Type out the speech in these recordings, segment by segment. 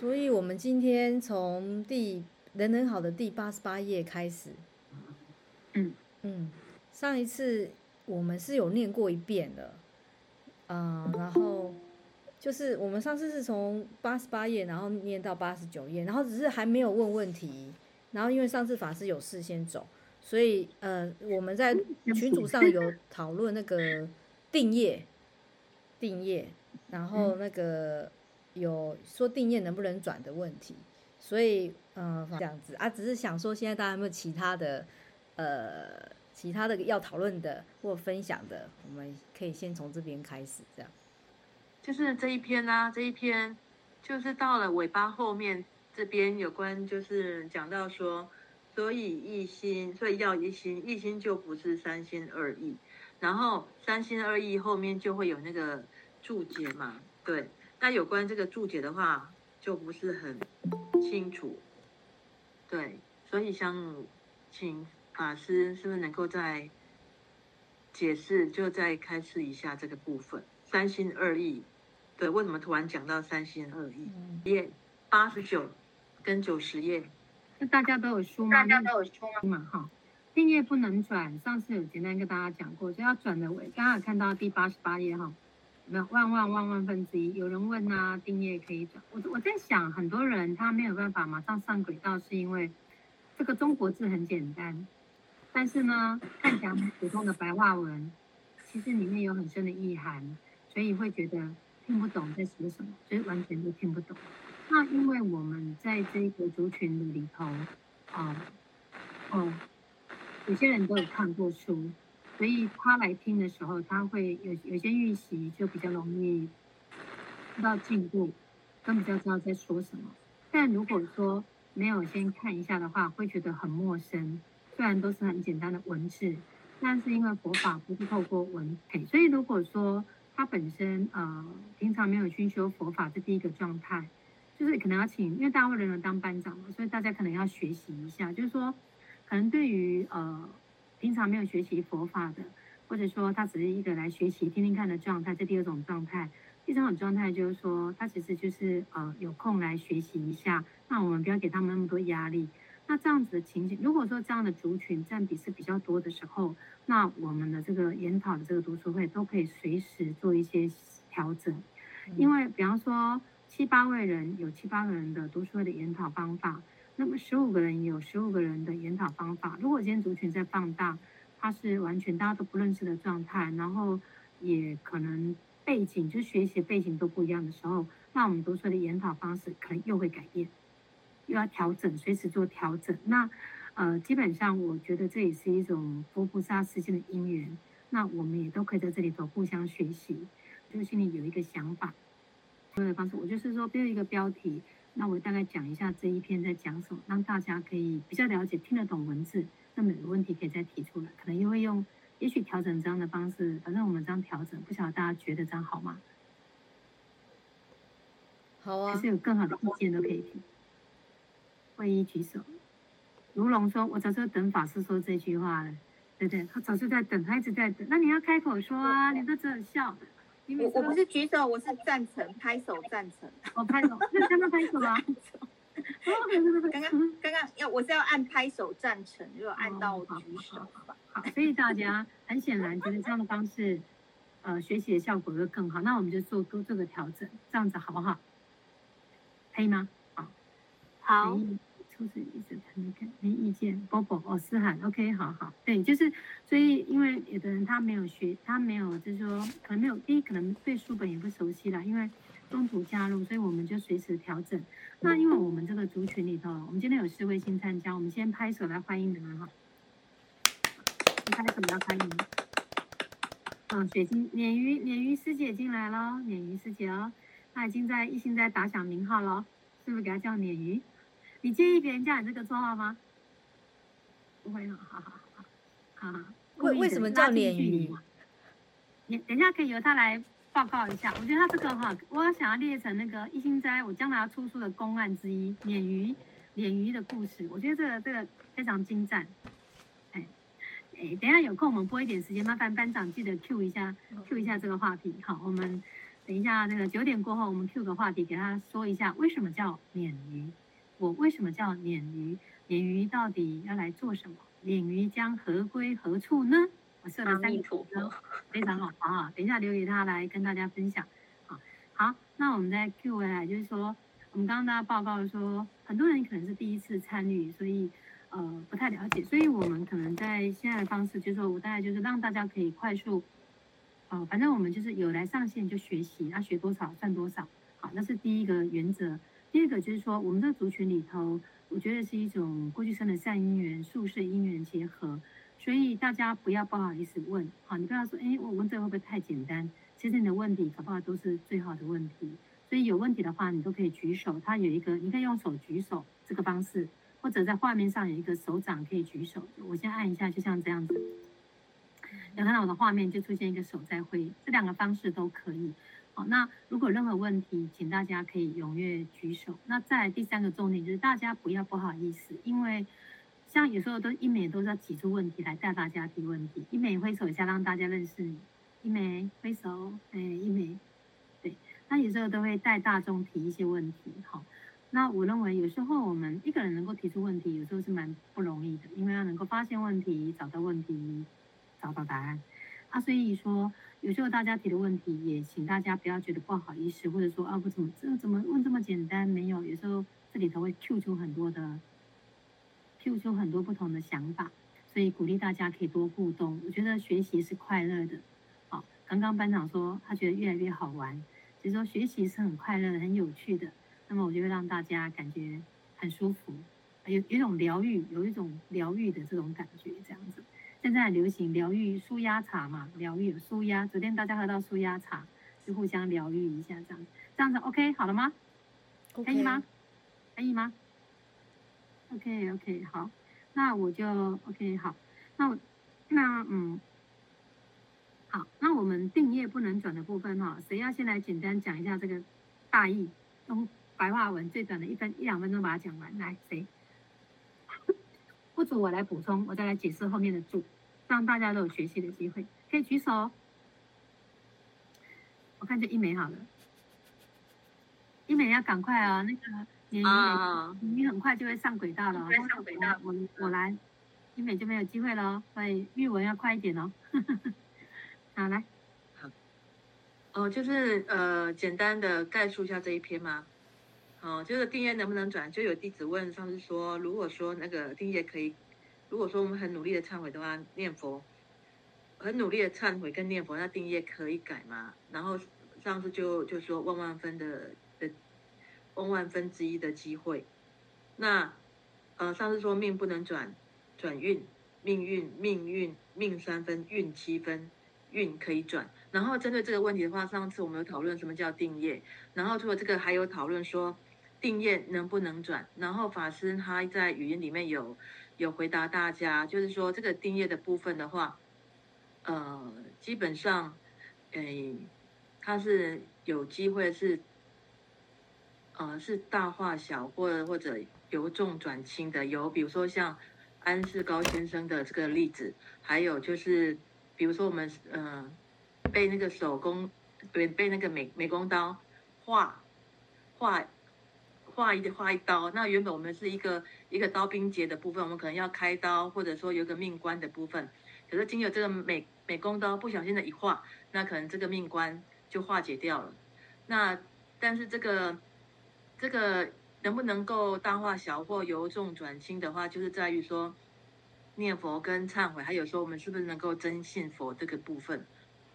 所以，我們今天從第《人人好》的第八十八頁開始。嗯，嗯，上一次我們是有念過一遍的，嗯、呃，然後就是我們上次是從八十八頁，然後念到八十九頁，然後只是還沒有問問題。然後，因為上次法師有事先走，所以呃，我們在群組上有討論那個定業，定業，然後那個。嗯有說定業能不能轉的問題，所以嗯、呃，這樣子啊，只是想說現在大家有沒有其他的，呃，其他的要討論的或分享的，我們可以先從這邊開始，這樣。就是這一篇啊，這一篇就是到了尾巴後面這邊有關，就是講到說，所以一心，所以要一心，一心就不是三心二意，然後三心二意後面就會有那個注解嘛，對。他有關這個注解的話，就不是很清楚。對，所以想請法師是不是能夠再解釋，就再開示一下這個部分。三心二意，對，為什麼突然講到三心二意？頁八十九跟九十頁，大家都有書嗎？大家都有書嗎？蠻好，定業能不能轉，上次有簡單跟大家講過，就要轉的。我剛剛有看到第八十八頁哈。沒有萬萬萬萬分之一。有人問啊，定業可以轉我？我在想，很多人他沒有辦法馬上上軌道，是因為這個中國字很簡單，但是呢，看起來很普通的白話文，其實裡面有很深的意涵，所以會覺得聽不懂在說什麼，所以完全都聽不懂。那因為我們在這個族群的裡頭，啊，哦，有些人都有看過書。所以他來聽的時候，他會有有些預習，就比較容易知道進步、根本就知道在說什麼。但如果說沒有先看一下的話，會覺得很陌生。雖然都是很簡單的文字，但是因為佛法不是透過文培，所以如果說他本身呃平常沒有去修佛法，這第一個狀態，就是可能要請，因為大家會輪流當班長嘛，所以大家可能要學習一下，就是說可能對於呃。經常沒有學習佛法的，或者說他只是一個來學習聽聽看的狀態，這第二種狀態；第三種狀態就是說，他其實就是呃有空來學習一下。那我們不要給他們那麼多壓力。那這樣子的情景，如果說這樣的族群佔比是比較多的時候，那我們的這個研討的這個讀書會都可以隨時做一些調整。因為，比方說七八位人有七八個人的讀書會的研討方法。那麼十五個人有十五個人的研討方法。如果今天族群在放大，它是完全大家都不認識的狀態，然後也可能背景就學習的背景都不一樣的時候，那我們讀出來的研討方式可能又會改變，又要調整，隨時做調整。那呃，基本上我覺得這也是一種佛菩薩示現的因緣。那我們也都可以在這裡頭互相學習。就是心裡有一個想法，所有的方式，我就是說，就一個標題。那我大概講一下這一篇在講什麼，讓大家可以比較了解、聽得懂文字。那麼有問題可以再提出來，可能又會用，也許調整這樣的方式。反正我們這樣調整，不曉得大家覺得這樣好嗎？好啊，可是有更好的意見都可以提。會一舉手，盧龍說：“我早就等法師說這句話了。”對對，他早就在等，他一直在等。那你要開口說啊，你都只有笑。我我不是舉手，我是贊成，拍手贊成。我拍手。剛剛拍手嗎？拍手。剛剛剛剛要，我是要按拍手贊成，如果按到舉手，哦，好吧。好，所以大家很顯然覺得這樣的方式，呃，學習的效果會更好。那我們就做多做個調整，這樣子好不好？可以嗎？好。好。就是一直沒看沒意見，Bobo 哦，思涵 OK 好好，對，就是所以因為有的人他沒有學，他沒有就是說可能沒有第一，可能對書本也不熟悉啦，因為中途加入，所以我們就隨時調整。那因為我們這個族群裡頭，我們今天有四位新參加，我們先拍手來歡迎你們哈，拍手來歡迎。啊、哦，水晶鯰魚，鯰魚師姐進來咯，鯰魚師姐哦，她已經在一心在打響名號咯，是不是給她叫鯰魚？你介意別人叫你這個綽號嗎？不會、啊，好好好好，好，好，為為什麼叫鯰魚？你等一下可以由他來報告一下。我覺得他這個哈，我想要列成那個一心齋，我將來要出書的公案之一，鯰魚，鯰魚的故事。我覺得這個這個非常精湛。哎、欸，哎、欸，等一下有空我們撥一點時間，麻煩班長記得 Q 一下，Q、嗯、一下這個話題。好，我們等一下那個九點過後，我們 Q 個話題給他說一下，為什麼叫鯰魚。我為什麼叫鯰魚？鯰魚到底要來做什麼？鯰魚將何歸何處呢？我設了三個圖，非常好啊！等一下留給他來跟大家分享。好，好，那我們再 Q 回來，就是說，我們剛剛大家報告說，很多人可能是第一次參與，所以呃不太了解，所以我們可能在現在的方式，就是說我大概就是讓大家可以快速，啊、呃，反正我們就是有來上線就學習，要、啊、學多少算多少，好，那是第一個原則。第一個就是說，我們這個族群裡頭，我覺得是一種過去生的善因緣、宿世因緣結合，所以大家不要不好意思問，好，你不要說，哎，我問這會不會太簡單？其實你的問題好不好都是最好的問題，所以有問題的話，你都可以舉手，它有一個你可以用手舉手這個方式，或者在畫面上有一個手掌可以舉手，我先按一下，就像這樣子，有看到我的畫面就出現一個手在揮，這兩個方式都可以。好，那如果任何問題，請大家可以踴躍舉手。那在第三個重點就是，大家不要不好意思，因為像有時候都一美都是要提出問題來帶大家提問題，一美揮手一下讓大家認識你，一美揮手，哎，一美，對，那有時候都會帶大眾提一些問題。好，那我認為有時候我們一個人能夠提出問題，有時候是蠻不容易的，因為要能夠發現問題，找到問題，找到答案。啊，所以說有時候大家提的問題，也請大家不要覺得不好意思，或者說啊，不怎麼這怎麼問這麼簡單沒有。有時候這裡頭會 Q 出很多的，Q 出很多不同的想法，所以鼓勵大家可以多互動。我覺得學習是快樂的，好，哦，剛剛班長說他覺得越來越好玩，就是說學習是很快樂、很有趣的。那麼我就會讓大家感覺很舒服，有有一種療癒，有一種療癒的這種感覺，這樣子。現在很流行療癒舒壓茶嘛，療癒舒壓。昨天大家喝到舒壓茶，就互相療癒一下這樣，這樣子 OK 好了嗎？Okay. 可以嗎？可以嗎？OK OK 好，那我就 OK 好，那我那嗯，好，那我們定業不能轉的部分哈、哦，誰要先來簡單講一下這個大意，用白話文最短的一分一兩分鐘把它講完，來，誰？不足我來補充，我再來解釋後面的注，讓大家都有學習的機會。可以舉手哦，我看就一美好了。一美要趕快啊，哦，那個你，啊，一美你很快就會上軌道了，啊，我我，我來，一美就沒有機會了，所以玉文要快一點哦。 好來，好。哦，就是呃，簡單的概述一下這一篇嗎？哦，就是定業能不能轉？就有弟子問，上次說，如果說那個定業可以，如果說我們很努力的懺悔的話，念佛，很努力的懺悔跟念佛，那定業可以改嗎？然後上次就就說萬萬分的的萬萬分之一的機會。那呃，上次說命不能轉，轉運命運命運命三分，運七分，運可以轉。然後針對這個問題的話，上次我們有討論什麼叫定業，然後除了這個還有討論說。定業能不能轉？然後法師他在語音裡面有有回答大家，就是說，這個定業的部分的話，呃，基本上，誒、哎，他是有機會是，呃，是大化小或或者由重轉輕的。有比如說像安世高先生的這個例子，還有就是比如說我們嗯、呃、被那個手工被被那個美美工刀畫畫。畫一畫一刀，那原本我們是一個一個刀兵劫的部分，我們可能要開刀，或者說有個命關的部分。可是經由這個美美工刀不小心的一畫，那可能這個命關就化解掉了。那但是這個這個能不能夠大化小或由重轉輕的話，就是在於說念佛跟懺悔，還有說我們是不是能夠真信佛這個部分。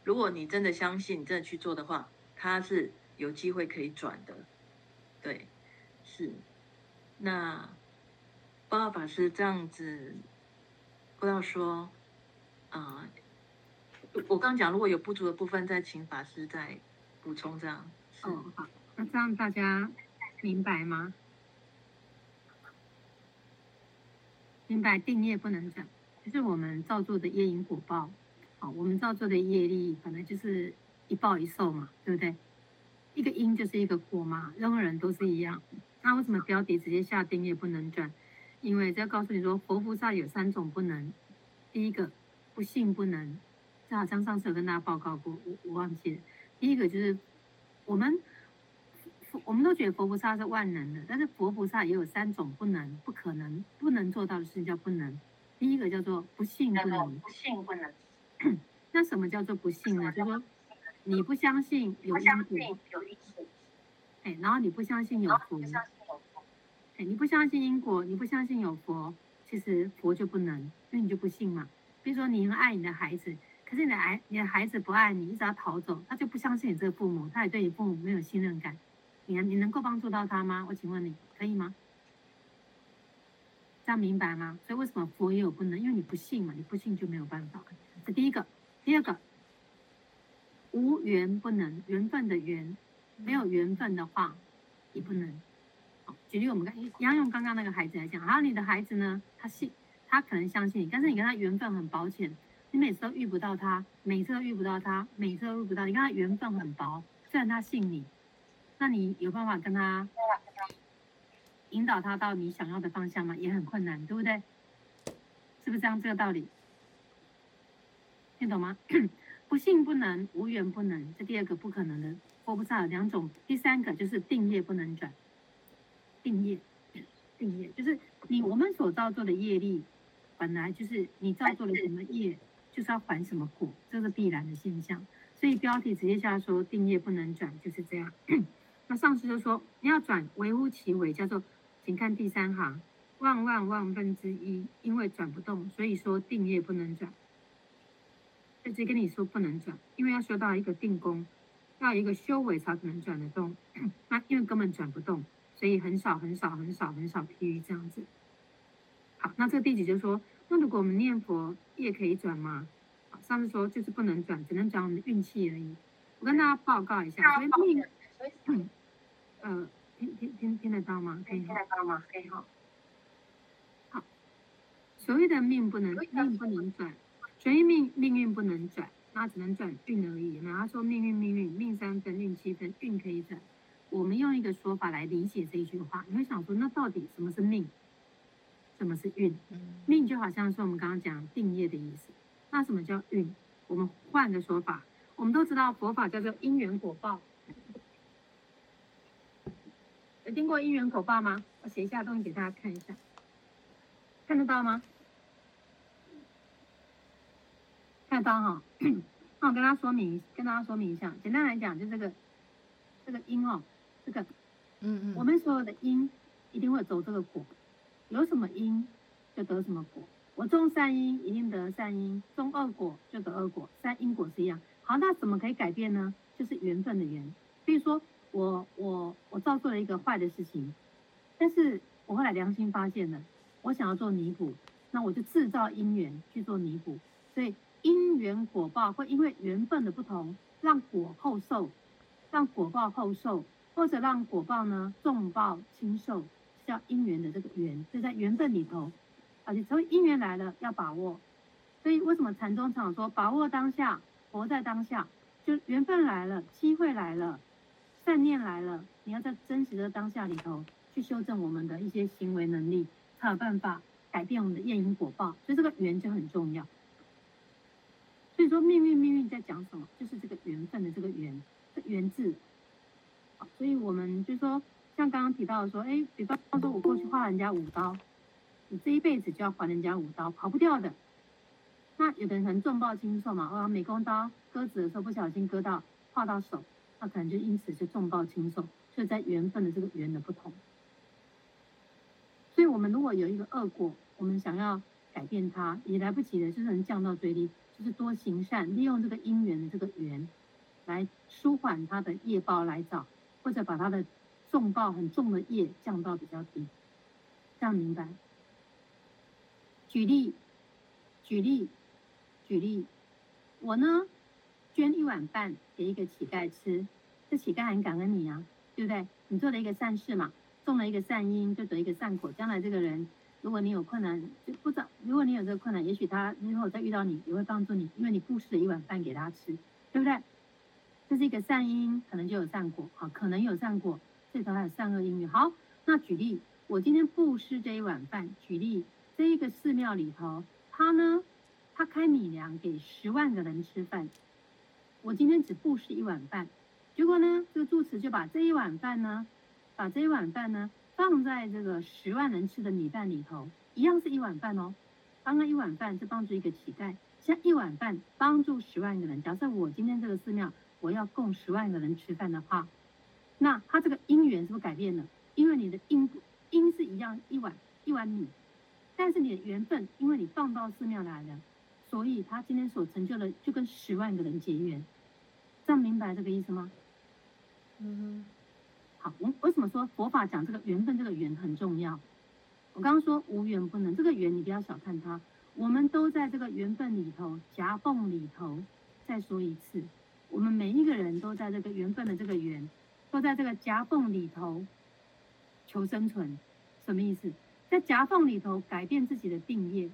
如果你真的相信，你真的去做的話，它是有機會可以轉的，對。是，那，爸爸是這樣子，不要說，啊、呃，我剛剛講如果有不足的部分，再請法師再補充。這樣，嗯、哦，好，那這樣大家明白嗎？明白，定業不能轉，就是我們造作的業因果報，好，我們造作的業力，反正就是一報一受嘛，對不對？一個因就是一個果嘛，任何人都是一樣。那為什麼標題直接下定義不能轉？因為這要告訴你說，佛菩薩有三種不能。第一個，不信不能。就好像上次有跟大家報告過，我我忘記了。第一個就是我們，我們都覺得佛菩薩是萬能的，但是佛菩薩也有三種不能，不可能不能做到的事情叫不能。第一個叫做不信不能。那什麼叫做不信呢？信呢就是說你不相信有因果。哎，然後你不相信有佛，哎，你不相信因果，你不相信有佛，其實佛就不能，因為你就不信嘛。比如說，你很愛你的孩子，可是你的孩你的孩子不愛你，一直要逃走，他就不相信你這個父母，他也對你父母沒有信任感。你你能夠幫助到他嗎？我請問你可以嗎？這樣明白嗎？所以為什麼佛也有不能？因為你不信嘛，你不信就沒有辦法。這第一個，第二個，無緣不能，緣分的緣。沒有緣分的話，也不能。好舉例，我們剛一樣用剛剛那個孩子來講，還、啊、有你的孩子呢？他信，他可能相信你，但是你跟他緣分很薄淺，你每次都遇不到他，每次都遇不到他，每次都遇不到，你跟他緣分很薄。雖然他信你，那你有辦法跟他引導他到你想要的方向嗎？也很困難，對不對？是不是這樣？這個道理，聽懂嗎？ 不信不能，無緣不能，這第二個不可能的。我知道兩種，第三個就是定業不能轉，定業，定業就是你我們所造作的業力，本來就是你造作了什麼業，就是要還什麼果，這是必然的現象。所以標題直接下說定業不能轉就是這樣。 那上次就說你要轉，微乎其微，叫做請看第三行，萬萬萬分之一，因為轉不動，所以說定業不能轉。就直接跟你說不能轉，因為要修到一個定功。要一個修為才可能轉得動，那因為根本轉不動，所以很少很少很少很少批於這樣子。好，那這個弟子就說：那如果我們念佛，也可以轉嗎？上次說就是不能轉，只能轉我們的運氣而已。我跟大家報告一下，因為命，嗯，嗯呃，聽聽聽聽得到嗎？可以聽得到嗎？可以哈。嗎，好，所謂的命不能命不能轉，所以命命運不能轉。那只能轉運而已，然後說：“命運，命運，命三分，運七分，運可以轉。”我們用一個說法來理解這一句話，你會想說：那到底什麼是命？什麼是運？命就好像是我們剛剛講定業的意思。那什麼叫運？我們換個說法，我們都知道佛法叫做因緣果報。有聽過因緣果報嗎？我寫一下東西給大家看一下，看得到嗎？看到哈，那我跟大家說明，跟大家說明一下。簡單來講，就這個，這個因哦，這個，嗯，嗯，我們所有的因一定會走這個果，有什麼因就得什麼果。我種善因一定得善因，種惡果就得惡果，善因果是一樣。好，那怎麼可以改變呢？就是緣分的緣。比如說我我我造作了一個壞的事情，但是我後來良心發現了，我想要做彌補，那我就制造因緣去做彌補，所以。因緣果報會因為緣分的不同，讓果後受，讓果報後受，或者讓果報呢重報輕受，叫因緣的這個緣，就在緣分裡頭，而且成為因緣來了要把握，所以為什麼禪宗常常說把握當下，活在當下，就緣分來了，機會來了，善念來了，你要在真實的當下裡頭去修正我們的一些行為能力，才有辦法改變我們的業因果報，所以這個緣就很重要。所以說，命運，命運在講什麼？就是這個緣分的這個緣，緣字。所以我們就是說，像剛剛提到的說，哎、欸，比方說，我過去劃，人家五刀，你這一輩子就要還人家五刀，跑不掉的。那有的人可能重報輕受嘛，啊，美工刀割紙的時候不小心割到劃到手，那可能就因此是重報輕受，所以在緣分的這個緣的不同。所以我們如果有一個惡果，我們想要改變它，也來不及的就是能降到最低。就是多行善，利用這個因緣的這個緣，來舒緩他的業報來找，或者把他的重報很重的業降到比較低，這樣明白。舉例，舉例，舉例，我呢，捐一碗飯給一個乞丐吃，這乞丐很感恩你啊，對不對？你做了一個善事嘛，種了一個善因，就得一個善果，將來這個人，如果你有困難，就不知道，如果你有這個困難，也許他日後再遇到你，也會幫助你，因為你布施了一碗飯給他吃，對不對？這是一個善因，可能就有善果。好，可能有善果。這裡頭還有善惡因緣。好，那舉例，我今天布施這一碗飯。舉例，這一個寺廟裡頭，他呢，他開米糧給十萬個人吃飯，我今天只布施一碗飯，結果呢，這個住持就把這一碗飯呢，把這一碗飯呢。放在這個十萬人吃的米飯裡頭，一樣是一碗飯哦。剛剛一碗飯是幫助一個乞丐，像一碗飯幫助十萬個人。假設我今天這個寺廟，我要供十萬個人吃飯的話，那他這個因緣是不是改變了？因為你的因因是一樣一碗一碗米，但是你的緣分，因為你放到寺廟來了，所以他今天所成就的就跟十萬個人結緣。這樣明白這個意思嗎？嗯哼。好，我為什麼說佛法講這個緣分，這個緣很重要？我剛剛說無緣不能，這個緣你不要小看它。我們都在這個緣分裡頭夾縫裡頭。再說一次，我們每一個人都在這個緣分的這個緣，都在這個夾縫裡頭求生存，什麼意思？在夾縫裡頭改變自己的定業，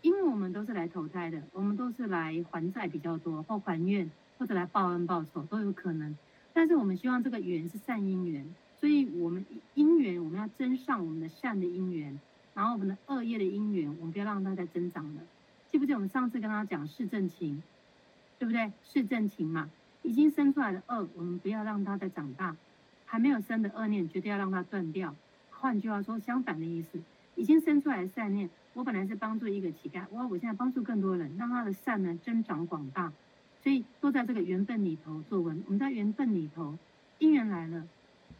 因為我們都是來投胎的，我們都是來還債比較多，或還願，或者來報恩報仇都有可能。但是我們希望這個緣是善因緣，所以我們因緣我們要增上我們的善的因緣，然後我們的惡業的因緣，我們不要讓它再增長了。記不記得？我們上次跟他講四正勤，對不對？四正勤嘛，已經生出來的惡，我們不要讓它再長大；還沒有生的惡念，絕對要讓它斷掉。換句話說，相反的意思，已經生出來的善念，我本來是幫助一個乞丐，哇！我現在幫助更多人，讓他的善呢增長廣大。所以都在這個緣分裡頭作文，我們在緣分裡頭，因緣來了，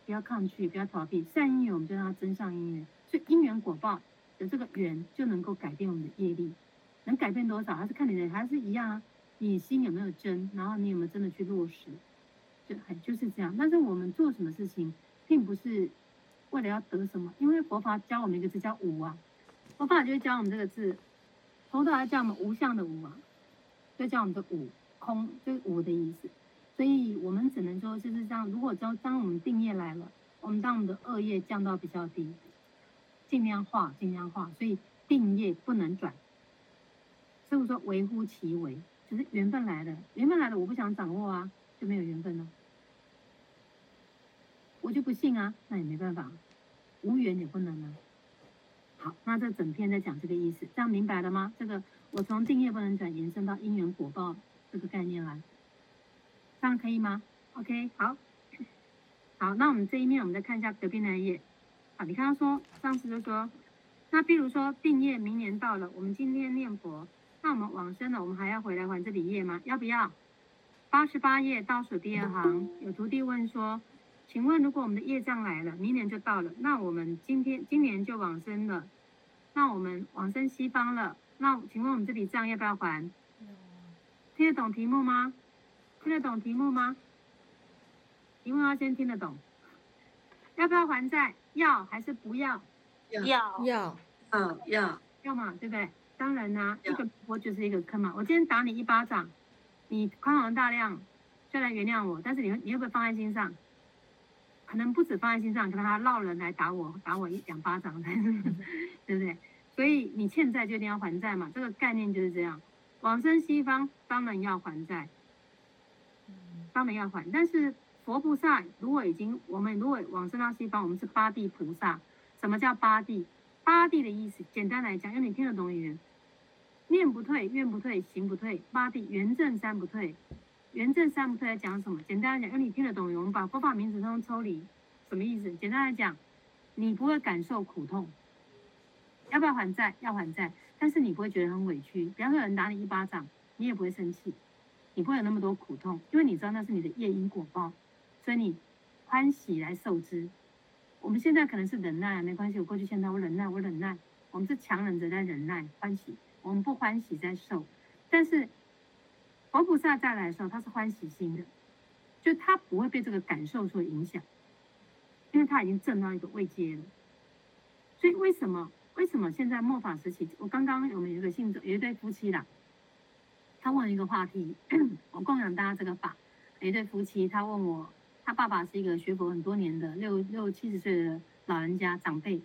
不要抗拒，不要逃避，善因緣我們就讓它增上因緣，所以因緣果報的這個緣就能夠改變我們的業力，能改變多少還是看你的，還是一樣啊。你心有沒有真，然後你有沒有真的去落實，就就是這樣。但是我們做什麼事情，並不是為了要得什麼，因為佛法教我們一個字叫無啊，佛法就是教我們這個字，佛陀也教我們無相的無啊，就教我們的無。空就是無的意思，所以我們只能說就是這樣。如果將當我們定業來了，我們當我們的惡業降到比較低，盡量化，盡量化。所以定業不能轉，是不是說微乎其微，就是緣分來了，緣分來了，我不想掌握啊，就沒有緣分了。我就不信啊，那也沒辦法，無緣也不能啊。好，那這整篇在講這個意思，這樣明白了嗎？這個我從定業不能轉延伸到因緣果報。這個概念來、啊，這樣可以嗎？OK，好， 好，那我們這一面我們再看一下隔壁那一頁。好，你看他說，上次就說，那比如說，定業明年到了，我們今天念佛，那我們往生了，我們還要回來還這筆業嗎？要不要？八十八頁倒數第二行，有徒弟問說，請問如果我們的業障來了，明年就到了，那我們今天今年就往生了，那我們往生西方了，那請問我們這筆賬要不要還？聽得懂題目嗎？聽得懂題目嗎？題目要先聽得懂。要不要還債？要還是不要？要要要要要，要嘛，對不對？當然啦、啊，這要個我就是一個坑嘛。我今天打你一巴掌，你寬宏大量，就來原諒我，但是你你會不會放在心上？可能不止放在心上，可能他落人來打我，打我一兩巴掌，對不對？所以你欠債就一定要還債嘛，這個概念就是這樣。往生西方，當然要還債，當然要還。但是佛菩薩如果已經，我們如果往生到西方，我們是八地菩薩。什麼叫八地？八地的意思，簡單來講，讓你聽得懂語言：念不退，願不退，行不退，八地圓證三不退。圓證三不退在講什麼？簡單來講，讓你聽得懂語言。我們把佛法名詞通通抽離，什麼意思？簡單來講，你不會感受苦痛。要不要還債？要還債。但是你不會覺得很委屈，比方說，有人打你一巴掌，你也不會生氣，你不會有那麼多苦痛，因為你知道那是你的業因果報，所以你歡喜來受之。我們現在可能是忍耐，沒關係，我過去現在我忍耐，我忍耐，我們是強忍着在忍耐，歡喜，我們不歡喜在受。但是佛菩薩再來的時候，他是歡喜心的，就他不會被這個感受所影響，因為他已經證到一個位階了，所以為什麼？為什麼現在末法時期？我剛剛我們有一個姓周有一對夫妻的，他問一個話題，我供養大家這個法。有一對夫妻，他問我，他爸爸是一個學佛很多年的六六七十歲的老人家長輩，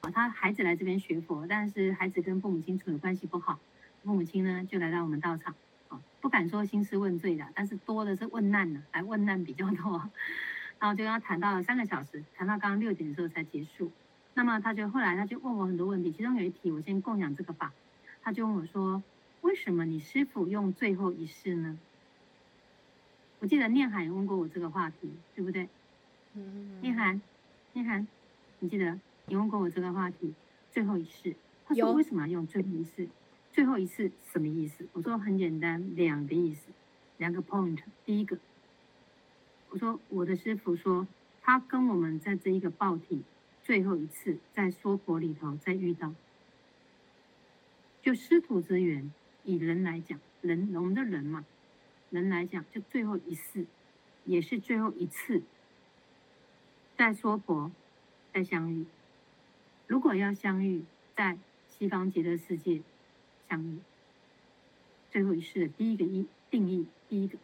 啊、哦，他孩子來這邊學佛，但是孩子跟父母親處的關係不好，父母親呢就來到我們道場，啊、哦，不敢說興師問罪的，但是多的是問難的、啊，還問難比較多。然後就跟他談到了三個小時，談到剛剛六點的時候才結束。那麼他就後來他就問我很多問題，其中有一題我先供養這個吧。他就問我說：“為什麼你師父用最後一世呢？”我記得念海也問過我這個話題，對不對？嗯、念海，念海，你記得你問過我這個話題，最後一世，他說為什麼要用最後一世？有最後一次什麼意思？我說很簡單，兩個意思，兩個 point。第一個，我說我的師父說他跟我們在這一個報體。最後一次在娑婆裡頭再遇到，就師徒之緣。以人來講，人我們的人嘛，人來講就最後一世，也是最後一次在娑婆再相遇。如果要相遇，在西方極樂世界相遇，最後一世的第一個一定義，第一個，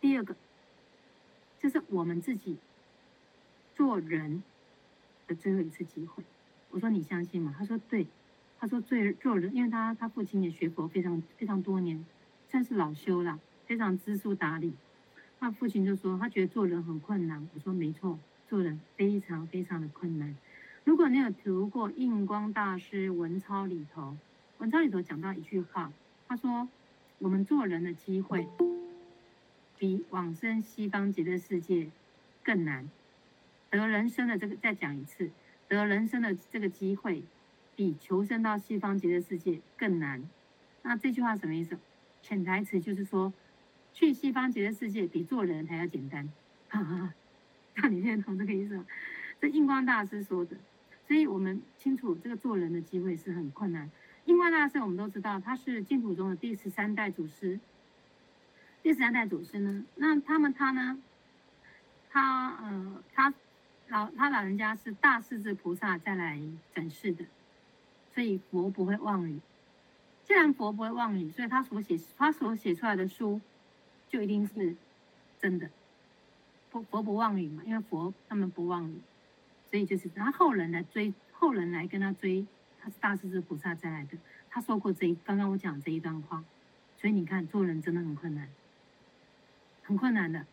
第二個，就是我們自己做人的最後一次機會，我說你相信嗎？他說對，他說最做人，因為他他父親也學佛非常非常多年，算是老修了，非常知書達理。他父親就說他覺得做人很困難。我說沒錯，做人非常非常的困難。如果你有讀過印光大師文鈔裡頭，文鈔裡頭講到一句話，他說我們做人的機會，比往生西方極樂世界更難。得人生的這個，再講一次，得人生的這個機會，比求生到西方極樂世界更難。那這句話什麼意思？潛台詞就是說，去西方極樂世界比做人還要簡單。哈哈，那你現在懂這個意思嗎？這印光大師說的，所以我們清楚這個做人的機會是很困難。印光大師我們都知道，他是淨土宗的第十三代祖師。第十三代祖師呢，那他們他呢，他呃他。老他老人家是大勢至菩薩再來轉世的，所以佛不會妄語。既然佛不會妄語，所以他所寫他所寫出來的書，就一定是真的。佛佛不妄語嘛因為佛他們不妄語，所以就是他後人來追，後人來跟他追。他是大勢至菩薩再來的，他說過這一剛剛我講這一段話，所以你看做人真的很困難，很困難的。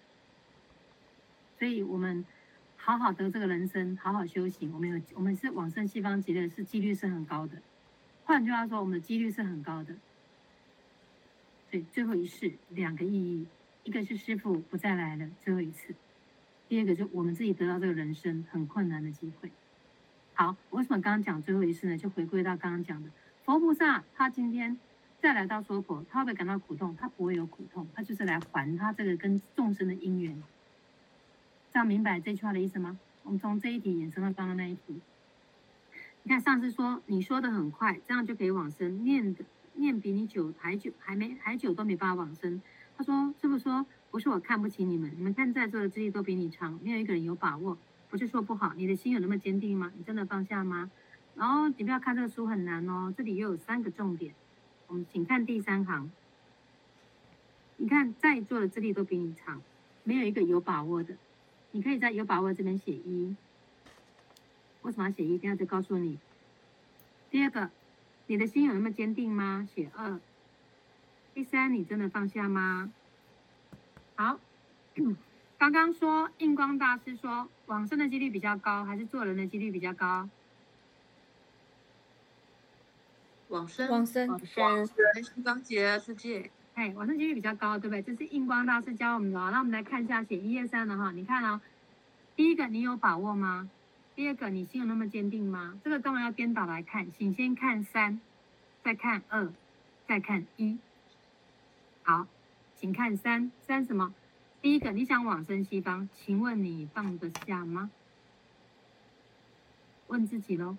所以我們。好好得這個人生，好好修行，我們有我們是往生西方極樂是幾率是很高的。換句話說，我們的幾率是很高的。所以最後一世兩個意義，一個是師父不再來了，最後一次；第二個就我們自己得到這個人生很困難的機會。好，為什麼剛剛講最後一次呢？就回歸到剛剛講的，佛菩薩他今天再來到娑婆，他會不會感到苦痛？他不會有苦痛，他就是來還他這個跟眾生的因緣。要明白這句話的意思嗎？我們從這一題延伸到剛剛那一題。你看上，上次說你說的很快，這樣就可以往生。念的念比你久還久，還沒還久都沒辦法往生。他說：“師父說不是我看不起你們，你們看在座的資歷都比你長，沒有一個人有把握。不是說不好，你的心有那麼堅定嗎？你真的放下嗎？”然後你不要看這個書很難哦，這裡又有三個重點。我們請看第三行。你看在座的資歷都比你長，沒有一個有把握的。你可以在有把握這邊寫一，為什麼要寫一？等一下就告訴你。第二個，你的心有那麼堅定嗎？寫二。第三，你真的放下嗎？好，剛剛說印光大師說往生的幾率比較高，還是做人的幾率比較高？往生，往生，往生還是極樂世界？哎，hey, 往生幾率比較高，對不對？這是印光大師教我們的哦，那我們來看一下寫一二三的哈，你看哦，第一個你有把握嗎？第二個你心有那麼堅定嗎？這個當然要顛倒來看，請先看三，再看二，再看一。好，請看三，三什麼？第一個你想往生西方，請問你放得下嗎？問自己咯，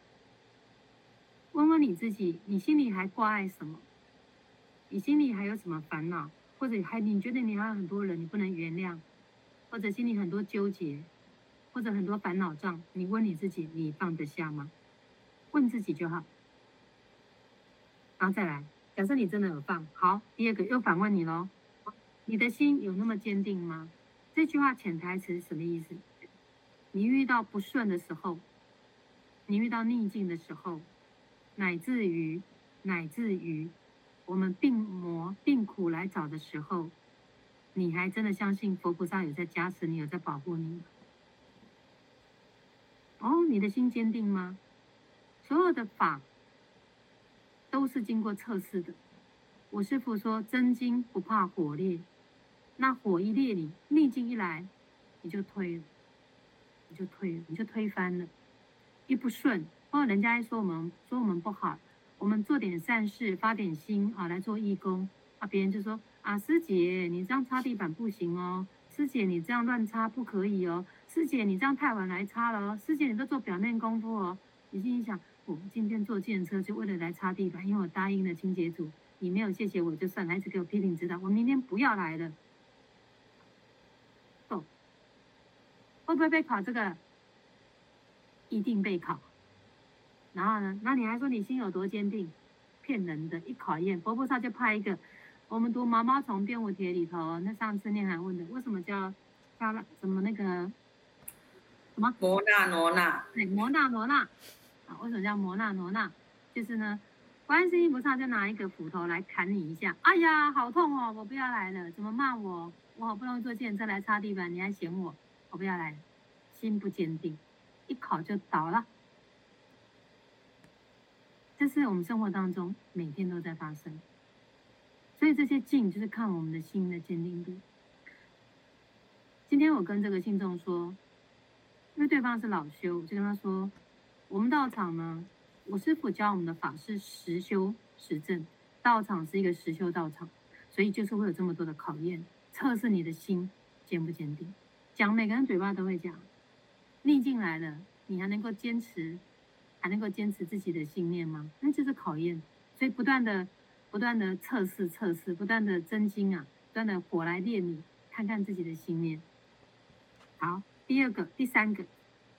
問問你自己，你心裡還掛礙什麼？你心裡還有什麼煩惱，或者還你覺得你還有很多人你不能原諒，或者心裡很多糾結，或者很多煩惱障。你問你自己，你放得下嗎？問自己就好，然後再來。假設你真的有放好，第二個又反問你嘍：你的心有那麼堅定嗎？這句話潛台詞什麼意思？你遇到不順的時候，你遇到逆境的時候，乃至於，乃至於。我們病魔病苦來找的時候，你還真的相信佛菩薩有在加持你，有在保護你嗎？哦，你的心堅定嗎？所有的法都是經過測試的。我師父說：“真金不怕火煉，那火一烈你，你逆境一來，你就推了，你就推了，你就推翻了，一不順，哦，人家一說我們，說我們不好。”我們做點善事，發點心啊，來做義工啊，別人就說啊，師姐你這樣擦地板不行哦，師姐你這樣亂擦不可以哦，師姐你這樣太晚來擦了哦，師姐你都做表面功夫哦，你心裡想，我今天坐計程車就為了來擦地板，因為我答應了清潔組，你沒有謝謝我就算了，還是給我批評指導，我明天不要來了，哦，會不會被考這個？一定被考。然後呢？那你還說你心有多堅定？騙人的！一考驗，佛菩薩就拍一個。我們讀《毛毛蟲》變蝴蝶裡頭，那上次念涵問的，為什麼叫“叫”什麼那個什麼？摩納羅納。對，摩納羅納。啊，為什麼叫摩納羅納？就是呢，佛菩薩就拿一個斧頭來砍你一下。哎呀，好痛哦！我不要來了，怎麼罵我？我好不容易坐計程車來擦地板，你還嫌我？我不要來，心不堅定，一考就倒了。這是我們生活當中每天都在發生，所以這些境就是看我們的心的堅定度。今天我跟這個信眾說，因為對方是老修，我就跟他說，我們道場呢，我師父教我們的法是實修實證，道場是一個實修道場，所以就是會有這麼多的考驗，測試你的心堅不堅定。講，每個人嘴巴都會講，逆境來了，你還能夠堅持還能夠堅持自己的信念嗎？那就是考驗，所以不斷的、不斷的測試、測試，不斷的真金啊，不斷的火來煉你，看看自己的信念。好，第二個、第三個，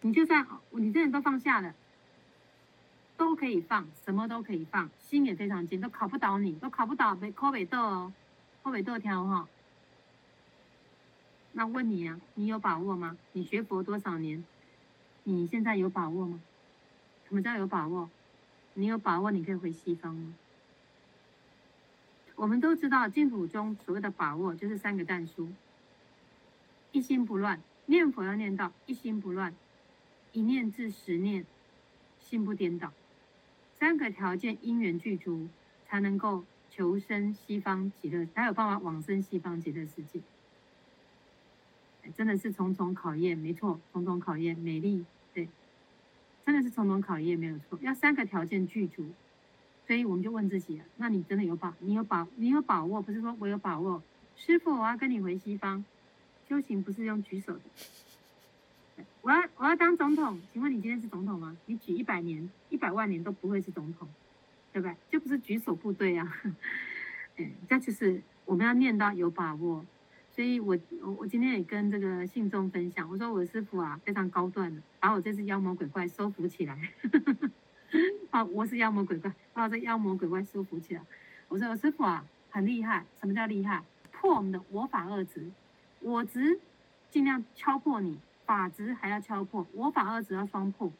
你就算你這人都放下了，都可以放，什麼都可以放，心也非常精，都考不倒你，都考不倒，考不倒哦，考不倒條哈。那問你呀、啊，你有把握嗎？你學佛多少年？你現在有把握嗎？什麼叫有把握？你有把握，你可以回西方嗎？我們都知道淨土中所謂的把握，就是三個但書：一心不亂，念佛要念到一心不亂；一念至十念，心不顛倒。三個條件因緣具足，才能夠求生西方極樂，才有辦法往生西方極樂世界。真的是重重考驗，沒錯，重重考驗，美麗對。真的是重重考驗沒有錯，要三個條件具足，所以我們就問自己、啊：那你真的有把你有把你有把握？不是說我有把握。師父，我要跟你回西方修行，不是用舉手的。我要我要當總統，請問你今天是總統嗎？你舉一百年、一百萬年都不會是總統，對不對？就不是舉手部隊啊。嗯，這就是我們要念到有把握。所以我我今天也跟這個信眾分享，我說我師父啊，非常高端的，把我這隻妖魔鬼怪收服起來呵呵，把我是妖魔鬼怪，把我這妖魔鬼怪收服起來。我說我師父啊，很厲害，什麼叫厲害？破我們的我法二執，我執盡量敲破你，法執還要敲破，我法二執要雙破。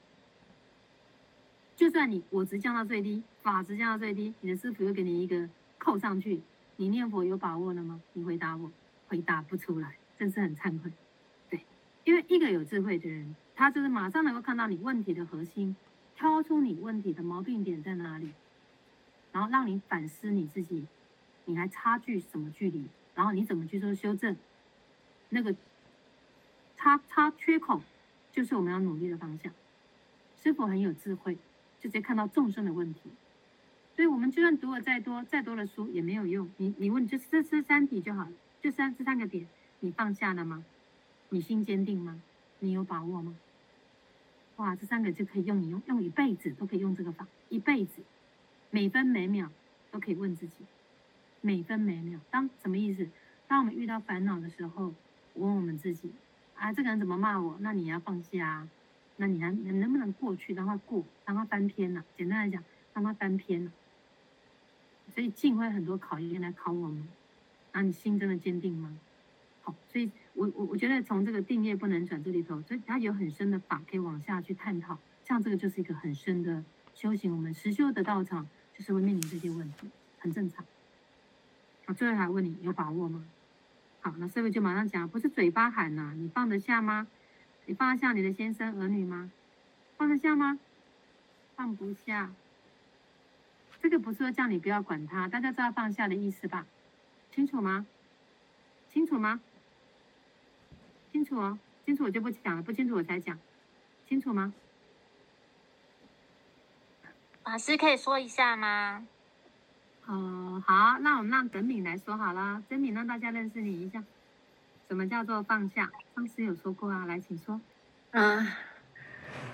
就算你我執降到最低，法執降到最低，你的師父又給你一個扣上去，你念佛有把握了嗎？你回答我。回答不出來，真是很慚愧。對，因為一個有智慧的人，他就是馬上能夠看到你問題的核心，挑出你問題的毛病點在哪裡，然後讓你反思你自己，你還差距什麼距離，然後你怎麼去做修正，那個差差缺口，就是我們要努力的方向。師傅很有智慧，就直接看到眾生的問題。所以我們，就算讀了再多再多的書也沒有用。你你問，就這這三題就好了。就三，這三個點，你放下了嗎？你心堅定嗎？你有把握嗎？哇，這三個就可以用你用用一輩子，都可以用這個法，一輩子，每分每秒都可以問自己，每分每秒，當什麼意思？當我們遇到煩惱的時候，我問我們自己，啊，這個人怎麼罵我？那你也要放下啊，那你還能能不能過去？讓他過，讓他翻篇了啊。簡單來講，讓他翻篇了啊。所以，境外很多考驗來考我們。那、啊、你心真的堅定嗎？好，所以我我我覺得從這個定業不能轉這裡頭，所以它有很深的法可以往下去探討。像這個就是一個很深的修行。我們實修的道場就是會面臨這些問題，很正常。我最後還問，你有把握嗎？好，那社會就馬上講，不是嘴巴喊吶、啊，你放得下嗎？你放得下你的先生兒女嗎？放得下嗎？放不下。這個不是說叫你不要管他，大家知道放下的意思吧？清楚嗎？清楚嗎？清楚哦，清楚我就不講了，不清楚我才講，清楚嗎？老師、啊、可以說一下嗎？哦，好，那我們讓等敏來說好了，等敏讓大家認識你一下。什麼叫做放下？當時有說過啊，來，請說。嗯、uh。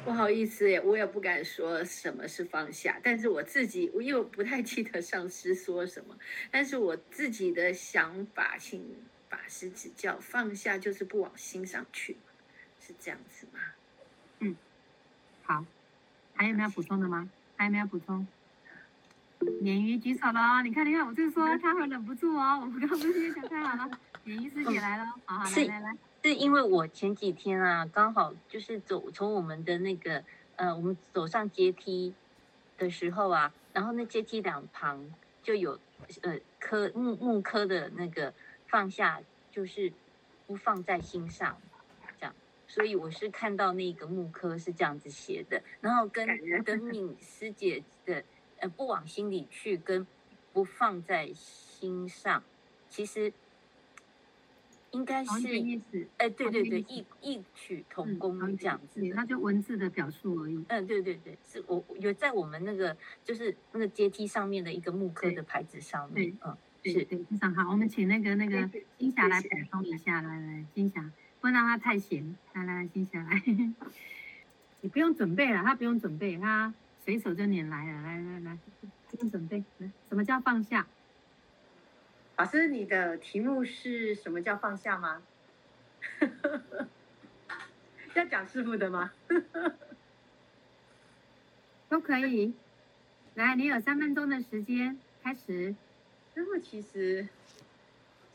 不好意思，我也不敢說什麼是放下，但是我自己我又不太記得上師說什麼，但是我自己的想法，請法師指教，放下就是不往心上去，是這樣子嗎？嗯，好，還有沒有補充的嗎？還有沒有補充？鯰魚舉手了，你看，你看，我就說他會忍不住哦，我們剛剛不是也想太好了，鯰魚師姐來了，好好，來來來。see. 來是因為我前幾天啊，剛好就是走從我們的那個呃，我們走上階梯的時候啊，然後那階梯兩旁就有呃刻木木刻的那個放下，就是不放在心上，這樣，所以我是看到那個木刻是這樣子寫的，然後跟跟敏師姐的呃不往心裡去，跟不放在心上，其實。應該是，哎，對對對，異異曲同工這樣子，它就文字的表述而已。嗯，對對對，是我有在我們那個就是那個階梯上面的一個木刻的牌子上面。對，嗯，對對對是，非常好。我們請那個那個金霞來補充一下，來來，金霞，不能讓她太閒，來來，金霞來，來，來 你不用準備了，他不用準備，他隨手就拈來了，來來來，不用準備，來，什麼叫放下？老師，你的題目是什麼？叫放下嗎？ 要講師父的嗎？ 都可以。來，你有三分鐘的時間，開始。師父其實，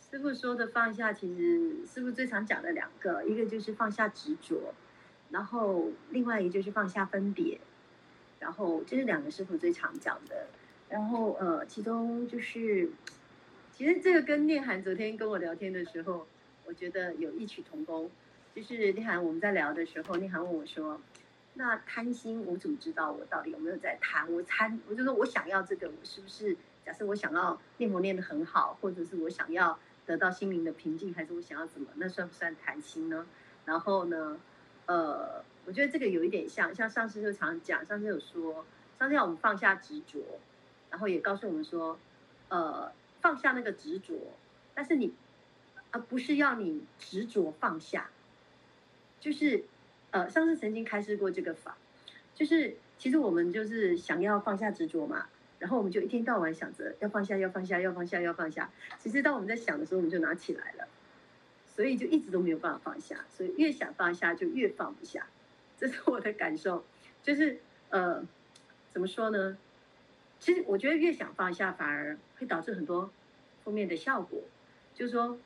師父說的放下，其實師父最常講的兩個，一個就是放下執着，然後另外一個就是放下分別，然後這是兩個師父最常講的。然後呃，其中就是。其實這個跟念涵昨天跟我聊天的時候，我覺得有異曲同工。就是念涵我們在聊的時候，念涵問我說：“那貪心，我怎麼知道我到底有沒有在貪？我貪，我就說我想要這個，我是不是假設我想要念佛念得很好，或者是我想要得到心靈的平靜，還是我想要怎麼？那算不算貪心呢？”然後呢，呃，我覺得這個有一點像，像上次就常講，上次有說，上次要我們放下執着，然後也告訴我們說，呃。放下那個執着，但是你，而不是要你執着放下，就是呃，上次曾經開示過這個法，就是其實我們就是想要放下執着嘛，然後我們就一天到晚想着要放下，要放下，要放下，要放下。其實當我們在想的時候，我們就拿起來了，所以就一直都沒有辦法放下，所以越想放下就越放不下，這是我的感受，就是呃，怎麼說呢？其實我覺得越想放下，反而會導致很多負面的效果。就是說，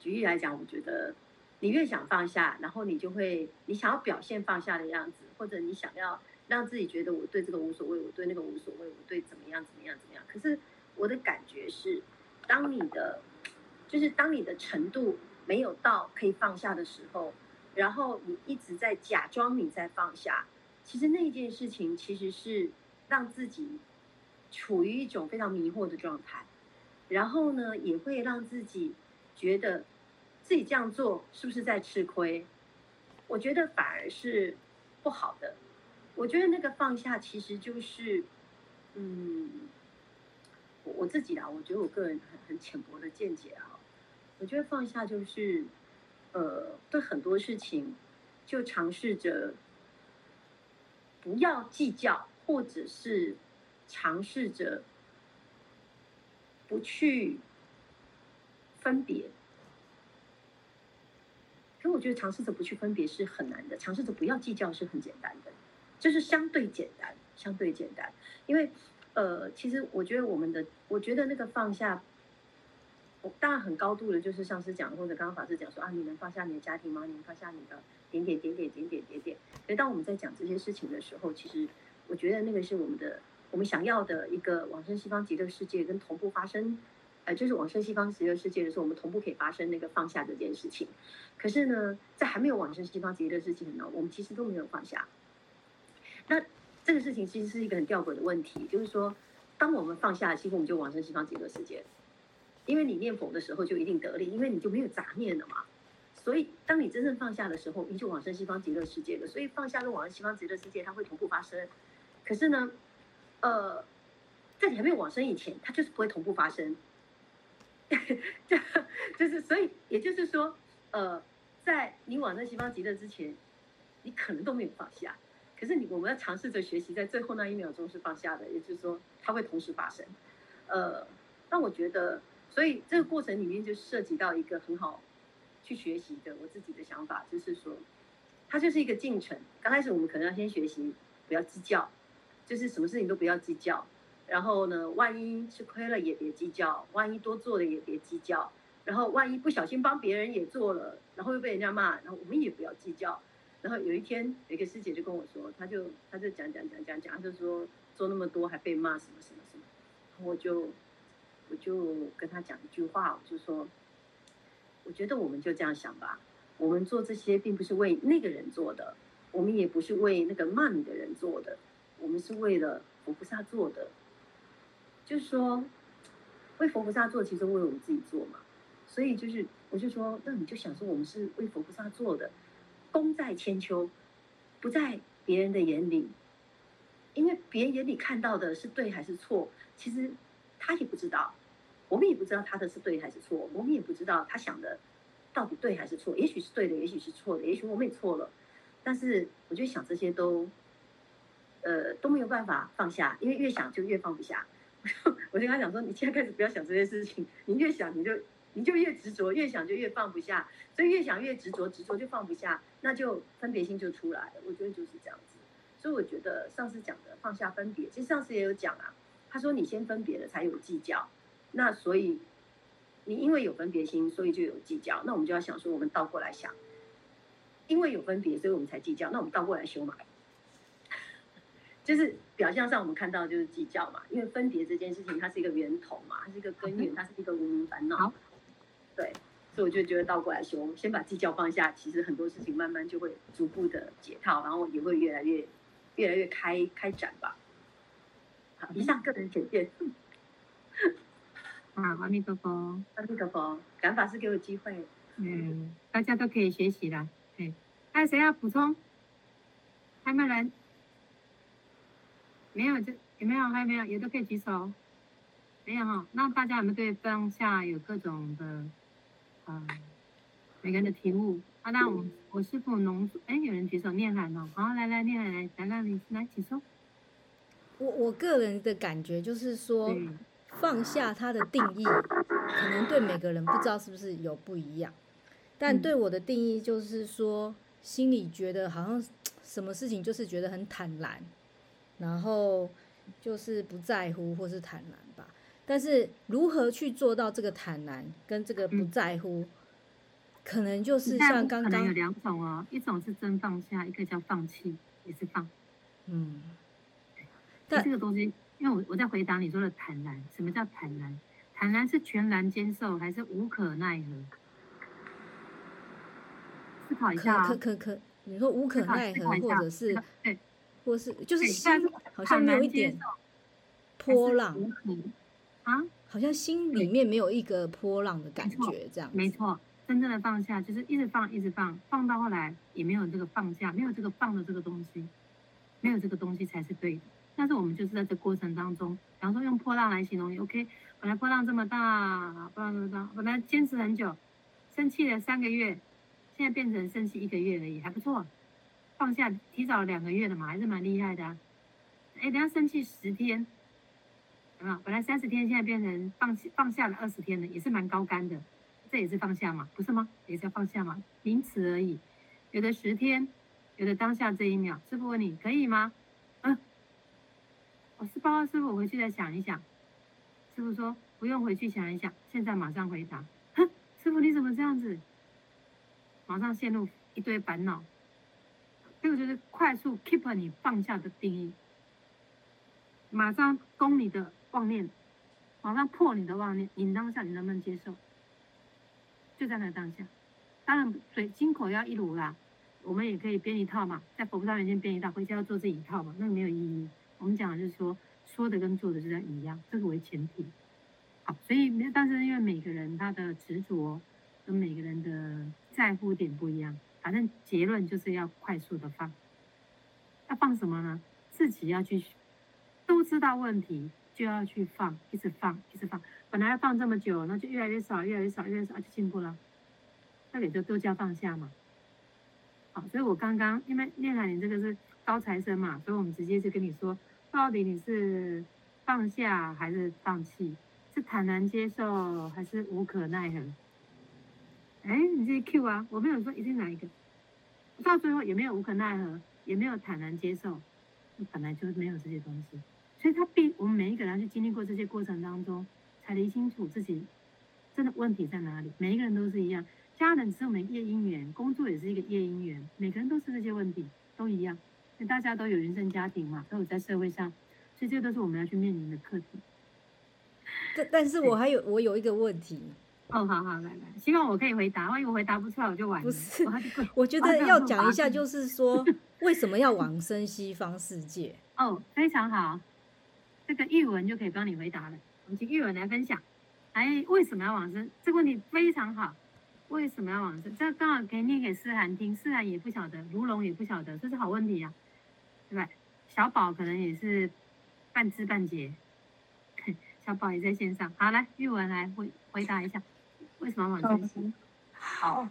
舉例來講，我覺得你越想放下，然後你就會你想要表現放下的樣子，或者你想要讓自己覺得我對這個無所謂，我對那個無所謂，我對怎麼樣怎麼樣怎麼樣。可是我的感覺是，當你的就是當你的程度沒有到可以放下的時候，然後你一直在假裝你在放下，其實那件事情其實是。讓自己處於一種非常迷惑的狀態，然後呢，也會讓自己覺得自己這樣做是不是在吃虧？我覺得反而是不好的。我覺得那個放下其實就是，嗯，我我自己啊，我覺得我個人很很淺薄的見解哈、啊。我覺得放下就是，呃，對很多事情就嘗試着不要計較。或者是嘗試着不去分別，可我覺得嘗試着不去分別是很難的。嘗試着不要計較是很簡單的，就是相對簡單，相對簡單。因為呃，其實我覺得我們的，我覺得那個放下，我當然很高度的，就是上次講或者剛剛法師講說啊，你能放下你的家庭嗎？你能放下你的點點點點點點點點點？所以當我們在講這些事情的時候，其實。我覺得那個是我們的，我們想要的一個往生西方極樂世界跟同步發生，呃，就是往生西方極樂世界的時候，我們同步可以發生那個放下這件事情。可是呢，在還沒有往生西方極樂世界呢，我們其實都沒有放下。那這個事情其實是一個很吊詭的問題，就是說，當我們放下，其實我們就往生西方極樂世界，因為你念佛的時候就一定得力，因為你就沒有雜念了嘛。所以，當你真正放下的時候，你就往生西方極樂世界了。所以，放下跟往生西方極樂世界，它會同步發生。可是呢，呃，在你還沒有往生以前，它就是不會同步發生。這 就是所以，也就是說，呃，在你往生西方極樂之前，你可能都沒有放下。可是你我們要嘗試着學習，在最後那一秒鐘是放下的。也就是說，它會同時發生。呃，那我覺得，所以這個過程裡面就涉及到一個很好去學習的，我自己的想法就是說，它就是一個進程。剛開始我們可能要先學習不要計較。就是什麼事情都不要計較，然後呢，萬一吃虧了也別計較，萬一多做了也別計較，然後萬一不小心幫別人也做了，然後又被人家罵，然後我們也不要計較。然後有一天，有一個師姐就跟我說，她就她就講講講講講，她就說做那麼多還被罵什麼什麼什麼，然後我就我就跟她講一句話，我就說，我覺得我們就這樣想吧，我們做這些並不是為那個人做的，我們也不是為那個罵你的人做的。我們是為了，佛菩薩做的，就是說，為佛菩薩做，其實為我們自己做嘛。所以就是，我就說，那你就想說，我們是為佛菩薩做的，功在千秋，不在別人的眼裡。因為別人眼裡看到的是對還是錯，其實他也不知道，我們也不知道他的是對還是錯，我們也不知道他想的到底對還是錯。也許是對的，也許是錯的，也許我們也錯了。但是我就想這些都。呃，都沒有辦法放下，因為越想就越放不下。我就我就跟他講說，你現在開始不要想這些事情，你越想你就你就越執着，越想就越放不下，所以越想越執着，執着就放不下，那就分別心就出來了。我覺得就是這樣子。所以我覺得上次講的放下分別，其實上次也有講啊。他說你先分別了才有計較，那所以你因為有分別心，所以就有計較。那我們就要想說，我們倒過來想，因為有分別，所以我們才計較。那我們倒過來修嘛。就是表象上我們看到就是計較嘛，因為分別這件事情，它是一個源頭嘛，它是一個根源，它是一個無明煩惱。好對，所以我就覺得倒過來說，先把計較放下，其實很多事情慢慢就會逐步的解套，然後也會越來越、越來越開開展吧。好，以上個人簡介好 啊，阿彌陀佛，阿彌陀佛，感恩法師給我機會。嗯，嗯，大家都可以學習啦。對，還有誰要補充？還有沒有人？沒有，就有沒有？還有沒有？也都可以舉手。沒有哈，那大家有沒有對放下有各種的，嗯、呃，每個人的題目？啊，那我我是否能，哎，有人舉手念來了，好、哦，來來念來來，來來裡來，來，來舉手。我我個人的感覺就是說，對放下他的定義，可能對每個人不知道是不是有不一樣，但對我的定義就是說，嗯、心裡覺得好像什麼事情就是覺得很坦然。然後就是不在乎或是坦然吧，但是如何去做到這個坦然跟這個不在乎，可能就是像剛剛有兩種哦，一種是真放下，一個叫放棄，也是放。嗯，但這個東西，因為我我在回答你說的坦然，什麼叫坦然？坦然是全然接受還是無可奈何？思考一下。可可可可，你說無可奈何，或者是？或是就是心好像沒有一點波浪，啊，好像心裡面沒有一個波浪的感覺，這樣。沒錯，真正的放下就是一直放，一直放，放到後來也沒有這個放下，沒有這個放的這個東西，沒有這個東西才是對的。但是我們就是在這過程當中，比方說用波浪來形容，OK，本來波浪這麼大，波浪這麼大，本來堅持很久，生氣了三個月，現在變成生氣一個月而已，還不錯。放下，提早了兩個月的嘛，還是蠻厲害的、啊。哎，等下生氣十天，啊，本來三十天，現在變成放放下了二十天的，也是蠻高竿的。這也是放下嘛，不是嗎？也是要放下嘛，僅此而已。有的十天，有的當下這一秒。師父問你可，可以嗎？嗯，我、哦、是報告師父，我回去再想一想。師父說不用回去想一想，現在馬上回答。哼，師父你怎麼這樣子？馬上陷入一堆煩惱。這個就是快速 keep 你放下的定義，馬上攻你的妄念，馬上破你的妄念。你當下你能不能接受？就在那當下。當然嘴金口要一爐啦，我們也可以編一套嘛，在佛菩薩面前編一套，回家要做這一套嘛，那沒有意義。我們講的就是說，說的跟做的就在一樣，這個為前提。好，所以但是因為每個人他的執着跟每個人的在乎點不一樣。反正結論就是要快速的放，要放什麼呢？自己要去，都知道問題就要去放，一直放，一直放。本來要放這麼久，那就越來越少，越來越少，越來越少，越來越少就進步了。那也就都叫放下嘛。好，所以我剛剛因為念海你這個是高材生嘛，所以我們直接就跟你說，到底你是放下還是放棄？是坦然接受還是無可奈何？哎、欸，你這些 Q 啊，我沒有說一定哪一個，到最後也沒有無可奈何，也沒有坦然接受，本來就沒有這些東西，所以他必我們每一個人去經歷過這些過程當中，才理清楚自己真的問題在哪裡。每一個人都是一樣，家人是我們業姻緣，工作也是一個業姻緣，每個人都是這些問題，都一樣，那大家都有原生家庭嘛，都有在社會上，所以這都是我們要去面臨的課題。但但是我還有，我有一個問題。 哦，oh, 好好來來，希望我可以回答。萬一我回答不出來，我就完了。不是，我覺得要講一下，就是說為什麼要往生西方世界？哦 ，oh, 非常好，這個玉文就可以幫你回答了。我們請玉文來分享，哎，為什麼要往生？這個問題非常好，為什麼要往生？這個剛好可以念給思涵聽，思涵也不曉得，盧龍也不曉得，這是好問題啊。對吧？小寶可能也是半知半解，小寶也在線上。好，來玉文來回回答一下。為什麼要往生？哦、好，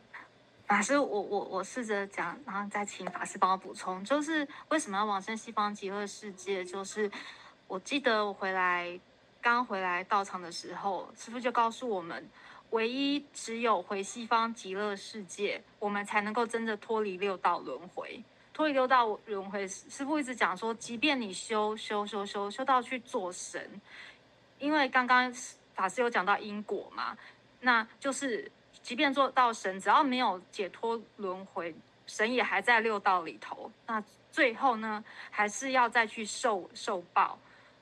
法師我，我我我試着講，然後再請法師幫我補充。就是為什麼要往生西方極樂世界？就是我記得我回來，剛剛回來道場的時候，師父就告訴我們，唯一只有回西方極樂世界，我們才能夠真的脫離六道輪迴。脫離六道輪迴，師父一直講說，即便你修修修修修到去做神，因為剛剛法師有講到因果嘛。那就是，即便做到神，只要沒有解脫輪迴，神也還在六道裡頭。那最後呢，還是要再去受受報，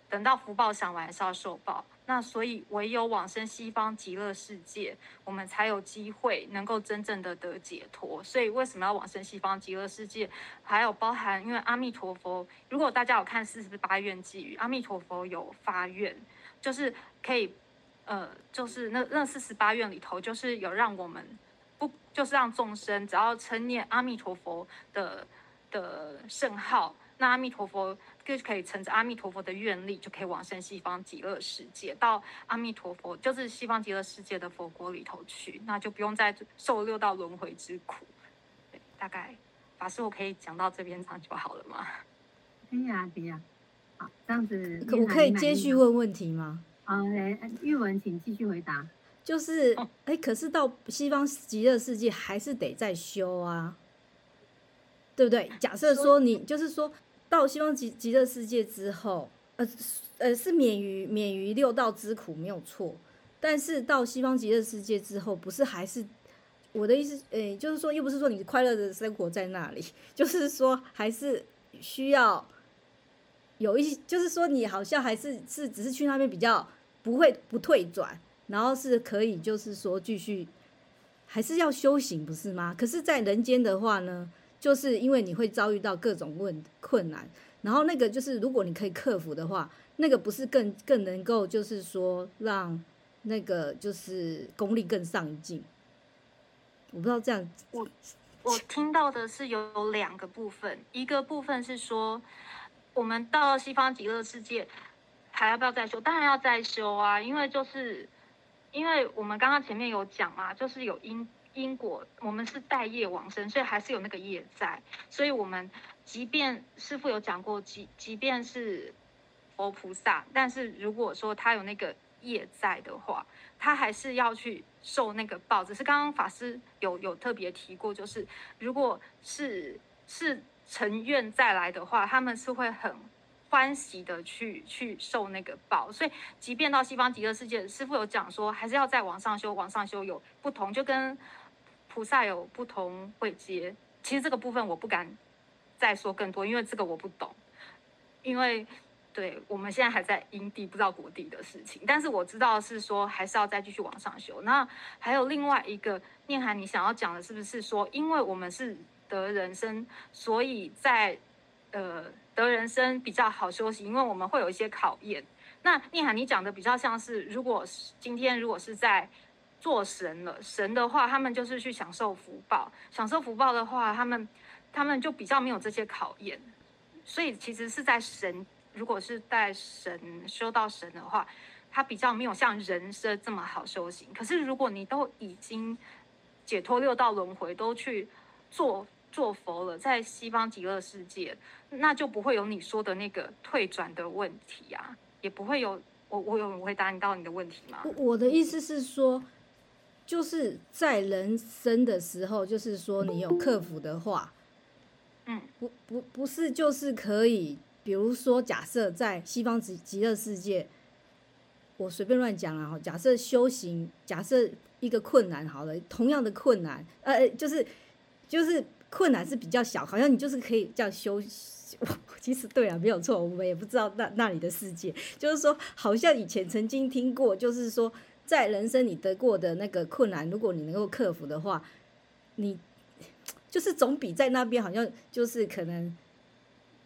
等到福報享完，還是要受報。那所以，唯有往生西方極樂世界，我們才有機會能夠真正的得解脫。所以，為什麼要往生西方極樂世界？還有包含，因為阿彌陀佛，如果大家有看四十八願偈語，阿彌陀佛有發願，就是可以。呃，就是那那四十八願裡頭，就是有讓我們不，就是讓眾生只要稱念阿彌陀佛的的聖號，那阿彌陀佛就可，可以乘着阿彌陀佛的願力，就可以往生西方極樂世界，到阿彌陀佛就是西方極樂世界的佛國裡頭去，那就不用再受六道輪迴之苦。對，大概法師我可以講到這邊長就好了嘛？對呀對呀，好，這樣子我可以繼續問問題嗎？好，來，玉文，請繼續回答。就是，哎、哦欸，可是到西方極樂世界還是得再修啊，對不對？假設說你說就是說到西方極極樂世界之後，呃呃，是免於免於六道之苦，沒有錯。但是到西方極樂世界之後，不是還是我的意思，呃、欸，就是說又不是說你快樂的生活在那裡，就是說還是需要有一，就是說你好像還是是只是去那邊比較。不會不退轉，然後是可以，就是說繼續，還是要修行，不是嗎？可是，在人間的話呢，就是因為你會遭遇到各種問困難，然後那個就是，如果你可以克服的話，那個不是更更能夠，就是說讓那個就是功力更上進。我不知道這樣我，我我聽到的是有兩個部分，一個部分是說，我們到西方極樂世界。還要不要再修？當然要再修啊，因為就是因為我們剛剛前面有講嘛，就是有因因果，我們是帶業往生，所以還是有那個業在。所以我們即便師父有講過，即即便是佛菩薩，但是如果說他有那個業在的話，他還是要去受那個報。只是剛剛法師有有特別提過，就是如果是是乘願再來的話，他們是會很。歡喜的去去受那個報，所以即便到西方極樂世界，師父有講說，還是要再往上修，往上修有不同，就跟菩薩有不同會接。其實這個部分我不敢再說更多，因為這個我不懂，因為對，我們現在還在因地，不知道果地的事情。但是我知道是說，還是要再繼續往上修。那還有另外一個念涵，你想要講的是不是說，因為我們是得人生，所以在呃。得人生，比較好修行，因為我們會有一些考驗。那聶涵，你講的比較像是，如果今天如果是在做神了神的話，他們就是去享受福報，享受福報的話，他們他們就比較沒有這些考驗。所以其實是在神，如果是在神修到神的話，他比較沒有像人生這麼好修行。可是如果你都已經解脫六道輪迴，都去做。做佛了，在西方極樂世界，那就不會有你說的那個退轉的問題啊，也不會有我，我有回答你到你的問題嗎？我？我的意思是說，就是在人生的時候，就是說你有克服的話，不不嗯，不不不是，就是可以，比如說假設在西方極極樂世界，我隨便亂講啊，假設修行，假設一個困難好了，同樣的困難，呃，就是就是。困難是比較小，好像你就是可以這樣休息。其實對啊，沒有錯。我們也不知道那那裡的世界，就是說，好像以前曾經聽過，就是說，在人生你得過的那個困難，如果你能夠克服的話，你就是總比在那邊好像就是可能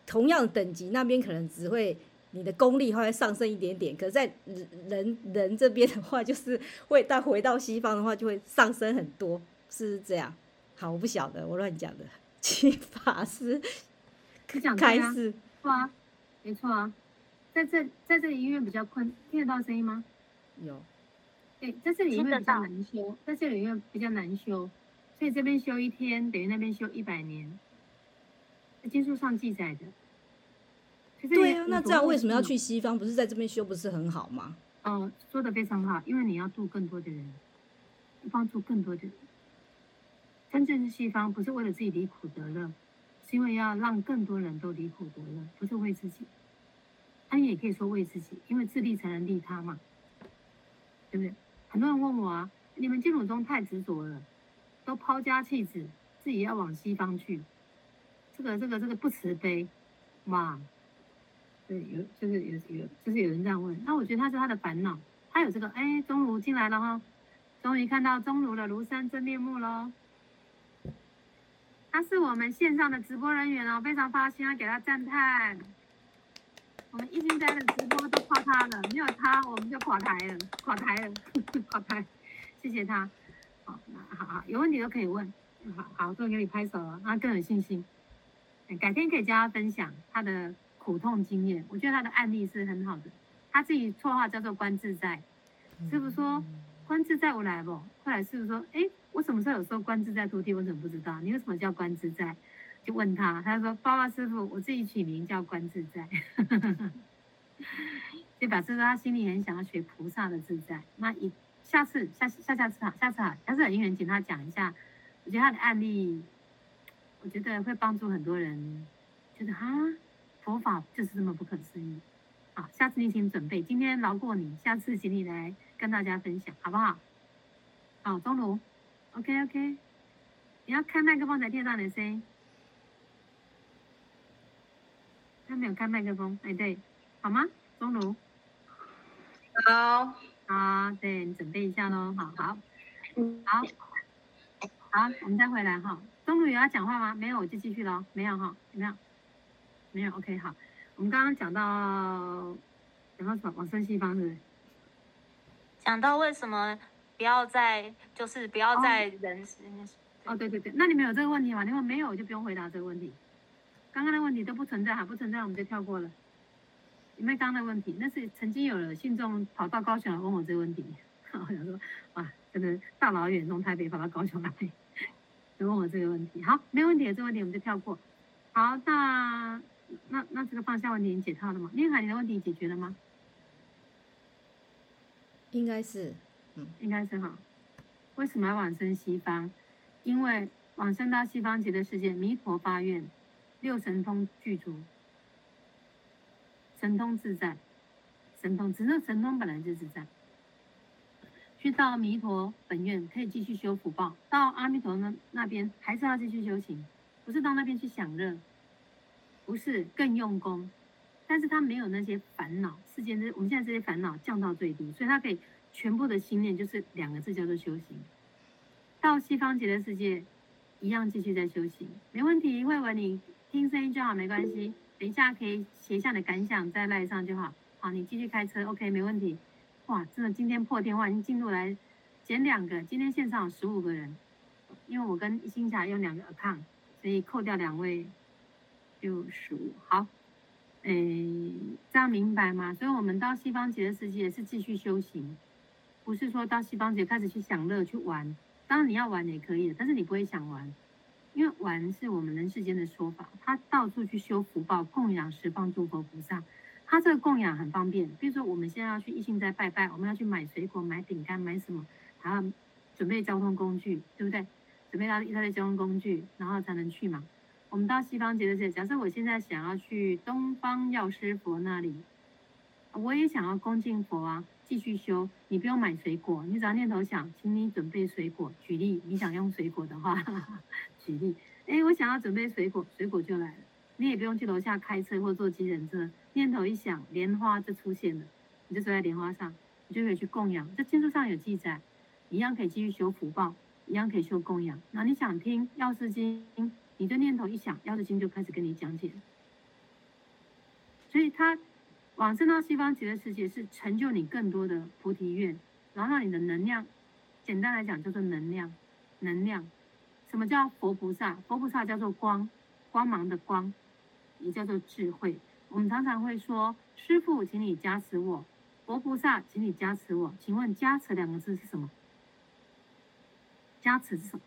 同樣等級，那邊可能只會你的功力會上升一點點，可在人人人這邊的話，就是會再回到西方的話，就會上升很多，是不是這樣？好，我不曉得，我亂講的。其實法師開示，啊，沒錯啊，在這，在這裡醫院比較困，聽得到聲音嗎？有。對、欸，在這裡醫院比較難修。在這裡醫院比較難修，所以這邊修一天等於那邊修一百年，在經書上記載的。對啊，做那這樣為什麼要去西方？不是在這邊修不是很好嗎？哦，說得非常好，因為你要度更多的人，幫助更多的人。真正的西方，不是為了自己離苦得樂，是因為要讓更多人都離苦得樂，不是為自己。他也可以說為自己，因為自利才能利他嘛，對不對？很多人問我啊，你們淨土宗太執着了，都拋家棄子，自己要往西方去，這個、這個、這個不慈悲，哇。對，有就是有有，就是有人這樣問。那我覺得他是他的煩惱，他有這個。哎，中爐進來了哈，終於看到中爐的廬山真面目嘍！他是我們線上的直播人員哦，非常發心，啊，給他讚嘆。 我們一心齋的直播都靠他了，沒有他我們就垮台了，垮台了，垮台，垮台。謝謝他，好，好好有問題都可以問。好，都給你拍手了，他更有信心。改天可以教他分享他的苦痛經驗，我覺得他的案例是很好的。他自己綽號叫做觀自在，是不是說、嗯、觀自在，我來不？後來，師父說，哎。我什麼時候有說觀自在徒弟？我怎麼不知道？你為什麼叫觀自在？就問他。他就說：“爸爸師傅，我自己取名叫觀自在。 ”就表示說他心裡很想要學菩薩的自在。那一下次、下下下次、下次、下次有緣，很請他講一下。我覺得他的案例，我覺得會幫助很多人，覺得哈，佛法就是這麼不可思議。好，下次你請準備，今天饒過你，下次請你來跟大家分享，好不好？好，鍾如。OK OK，你要開麥克風才聽到你的聲音。他沒有開麥克風，哎對，好嗎？東儒。Hello。啊對，你準備一下嘍，好好。嗯，好。好，我們再回來哈、哦。東儒有要講話嗎？沒有，我就繼續了。沒有哈、哦，沒有沒有 OK 好。我們剛剛講到，講到什麼？往生西方，是不是？講到為什麼？不要再，就是不要再人哦，哦，對對對，那你們有這個問題嗎？你們沒有，就不用回答這個問題。剛剛的問題都不存在，哈，不存在我們就跳過了。因為剛剛的問題那是曾經有人信眾跑到高雄來問我這個問題，我想說哇，真的，大老遠從台北跑到高雄來，就問我這個問題。好，沒有問題，這個問題我們就跳過。好，那那那這個放下問題你解套了嗎？念海，你的問題解決了嗎？應該是。應該是哈，為什麼要往生西方？因為往生到西方極樂世界，彌陀發願，六神通具足，神通自在，神通，只是神通本來就是自在。去到彌陀本願，可以繼續修福報；到阿彌陀那那邊，還是要繼續修行，不是到那邊去享樂，不是更用功，但是他沒有那些煩惱，世間，我們現在這些煩惱降到最低，所以他可以。全部的心念就是兩個字，叫做修行。到西方極樂世界，一樣繼續在修行，沒問題。慧文，你聽聲音就好，沒關係。等一下可以寫下你的感想再賴上就好。好，你繼續開車，OK，沒問題。哇，真的今天破天荒，你進入來減兩個，今天線上有十五個人，因為我跟一霞有兩個 account，所以扣掉兩位就十五。好，誒，這樣明白嗎？所以我們到西方極樂世界是繼續修行。不是說到西方節開始去享樂去玩，當然你要玩也可以，但是你不會想玩，因為玩是我們人世間的說法。他到處去修福報、供養十方諸佛菩薩，他這個供養很方便。比如說，我們現在要去一心齋拜拜，我們要去買水果、買餅乾、買什麼，還要準備交通工具，對不對？準備到他的交通工具，然後才能去嘛。我們到西方節的時候，假設我現在想要去東方藥師佛那裡，我也想要恭敬佛啊。繼續修，你不用買水果，你只要念頭想，請你準備水果。舉例，你想用水果的話，舉例，誒，我想要準備水果，水果就來了。你也不用去樓下開車或坐計程車，念頭一想，蓮花就出現了，你就坐在蓮花上，你就可以去供養。這經書上有記載，一樣可以繼續修福報，一樣可以修供養。然後你想聽《藥師經》，你的念頭一想，《藥師經》就開始跟你講解。所以他。往生到西方極樂世界是成就你更多的菩提願，然後讓你的能量，簡單來講叫做能量，能量。什麼叫佛菩薩？佛菩薩叫做光，光芒的光，也叫做智慧。我們常常會說：“師父，請你加持我；佛菩薩，請你加持我。”請問“加持”兩個字是什麼？加持是什麼？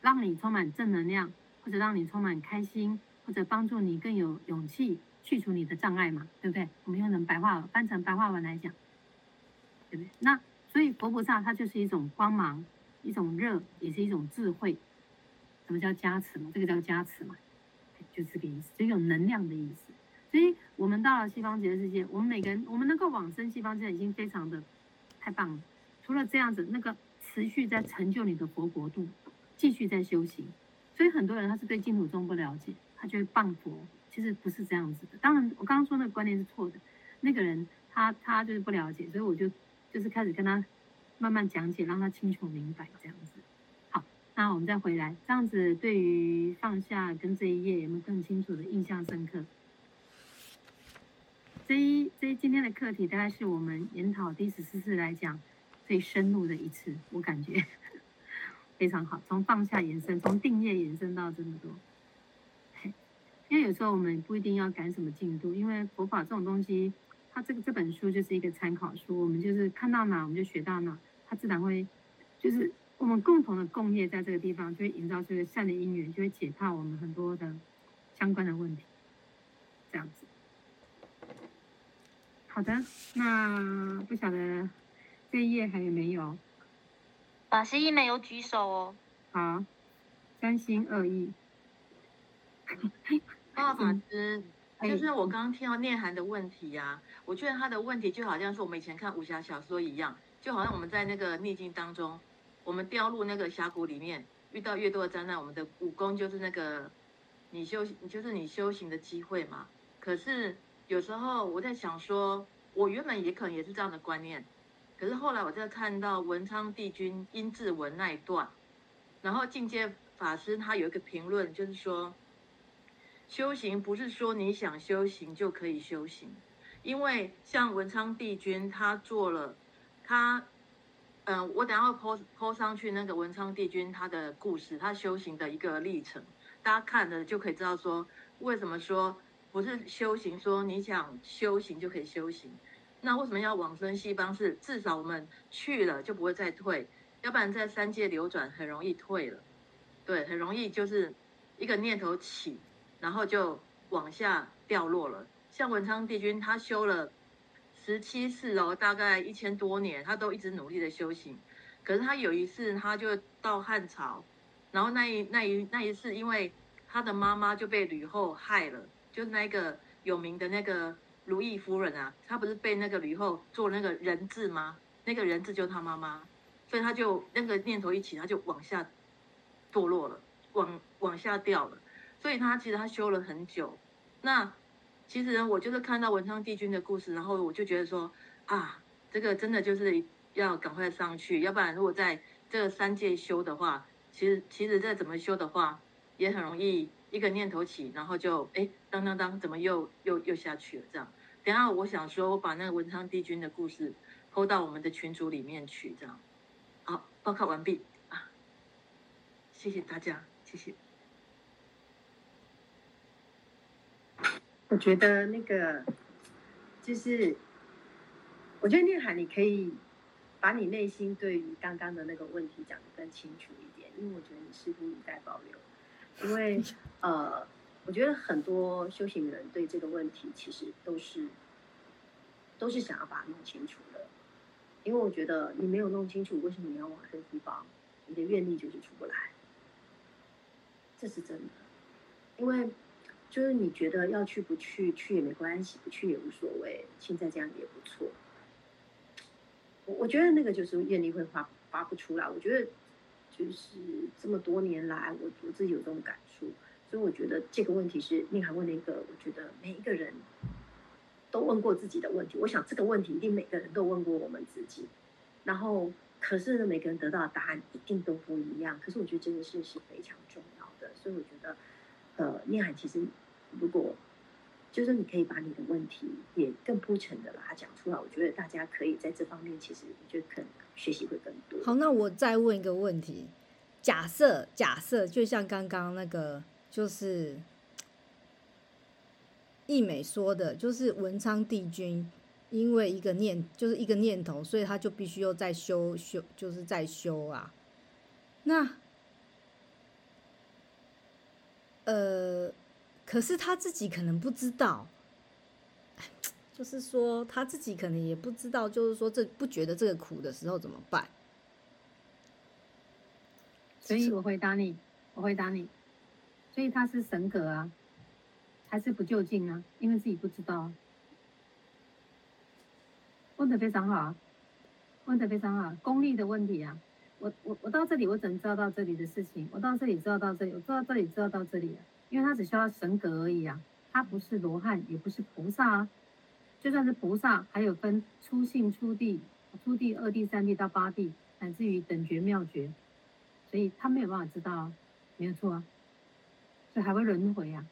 讓你充滿正能量，或者讓你充滿開心，或者幫助你更有勇氣。去除你的障礙嘛，對不對？我們用成白話文，翻成白話文來講，對不對？那所以佛菩薩它就是一種光芒，一種熱，也是一種智慧。什麼叫加持嘛？這個叫加持嘛，就是這個意思，就有能量的意思。所以我們到了西方極樂世界，我們每個人，我們能夠往生西方世界已經非常的太棒了。除了這樣子，那個持續在成就你的佛國度，繼續在修行。所以很多人他是對淨土宗不了解，他就會謗佛。其實不是這樣子的，當然我剛剛說那個觀念是錯的，那個人他他就是不了解，所以我就就是開始跟他慢慢講解，讓他清楚明白這樣子。好，那我們再回來，這樣子對於放下跟這一頁有沒有更清楚的印象深刻？這一這一今天的課題大概是我們研討第十四次來講最深入的一次，我感覺非常好，從放下延伸，從定業延伸到這麼多。因為有時候我們不一定要趕什麼進度，因為佛法這種東西，它這個這本書就是一個參考書，我們就是看到哪我們就學到哪，它自然會，就是我們共同的共業在這個地方就會營造出一個善的因緣，就會解套我們很多的，相關的問題，這樣子。好的，那不曉得這一頁還有沒有？法師一沒有舉手哦。好，三心二意。嗯 啊，法師，就是我剛剛聽到念涵的問題啊，哎、我覺得他的問題就好像說我們以前看武俠小說一樣，就好像我們在那個逆境當中，我們掉入那個峽谷裡面，遇到越多的災難，我們的武功就是那個，你修就是你修行的機會嘛。可是有時候我在想說，我原本也可能也是這樣的觀念，可是後來我在看到文昌帝君陰騭文那一段，然後淨界法師他有一個評論，就是說。修行不是說你想修行就可以修行，因為像文昌帝君他做了，他，嗯、呃，我等下會 po po 上去那個文昌帝君他的故事，他修行的一個歷程，大家看了就可以知道說，為什麼說不是修行，說你想修行就可以修行，那為什麼要往生西方？是至少我們去了就不會再退，要不然在三界流轉很容易退了，對，很容易就是一個念頭起。然後就往下掉落了。像文昌帝君，他修了十七世哦，大概一千多年，他都一直努力的修行。可是他有一次，他就到漢朝，然後那一那一那一，那一次，因為他的媽媽就被呂後害了，就是那個有名的那個如意夫人啊，他不是被那個呂後做那個人質嗎？那個人質就是他媽媽，所以他就那個念頭一起，他就往下墮落了往，往往下掉了。所以他其實他修了很久，那其實我就是看到文昌帝君的故事，然後我就覺得說啊，這個真的就是要趕快上去，要不然如果在這三界修的話，其實其實再怎麼修的話，也很容易一個念頭起，然後就哎當當當，怎麼又又又下去了？這樣，等下我想說我把那個文昌帝君的故事 PO 到我們的群組裡面去，這樣，好，報告完畢啊，謝謝大家，謝謝。我覺得那個就是，我覺得念海，你可以把你內心對於剛剛的那個問題講得更清楚一點，因為我覺得你似乎有待保留，因為呃，我覺得很多修行人對這個問題其實都是都是想要把它弄清楚的，因為我覺得你沒有弄清楚為什麼你要往這個地方，你的願力就是出不來，這是真的，因為。就是你覺得要去不去，去也沒關係，不去也無所謂，現在這樣也不錯。我我覺得那個就是願力會發發不出來。我覺得就是這麼多年來，我我自己有這種感觸，所以我覺得這個問題是寧涵問的一個，我覺得每一個人都問過自己的問題。我想這個問題一定每個人都問過我們自己，然後可是呢，每個人得到的答案一定都不一樣。可是我覺得這件事是非常重要的，所以我覺得。呃，念海其實，如果就是你可以把你的問題也更鋪陳的把它講出來，我覺得大家可以在這方面其實就可能學習會更多。好，那我再問一個問題：假設假設，就像剛剛那個，就是易美說的，就是文昌帝君因為一個念就是一個念頭，所以他就必須要再修修，就是再修啊。那。呃，可是他自己可能不知道，就是說他自己可能也不知道，就是說這不覺得這個苦的時候怎麼辦？所以我回答你，我回答你，所以他是神格啊，還是不究竟啊？因為自己不知道。問的非常好，問的非常好，功利的問題啊。我我我到這裡，我只能知道到這裡的事情。我到這裡知道到這裡，我做到這裡知道到這裡了、啊。因為他只需要神格而已啊，他不是羅漢，也不是菩薩。啊。就算是菩薩，還有分初信、初地、初地二地、三地到八地，乃至於等覺、妙覺，所以他沒有辦法知道啊，沒有錯啊，所以還會輪迴啊。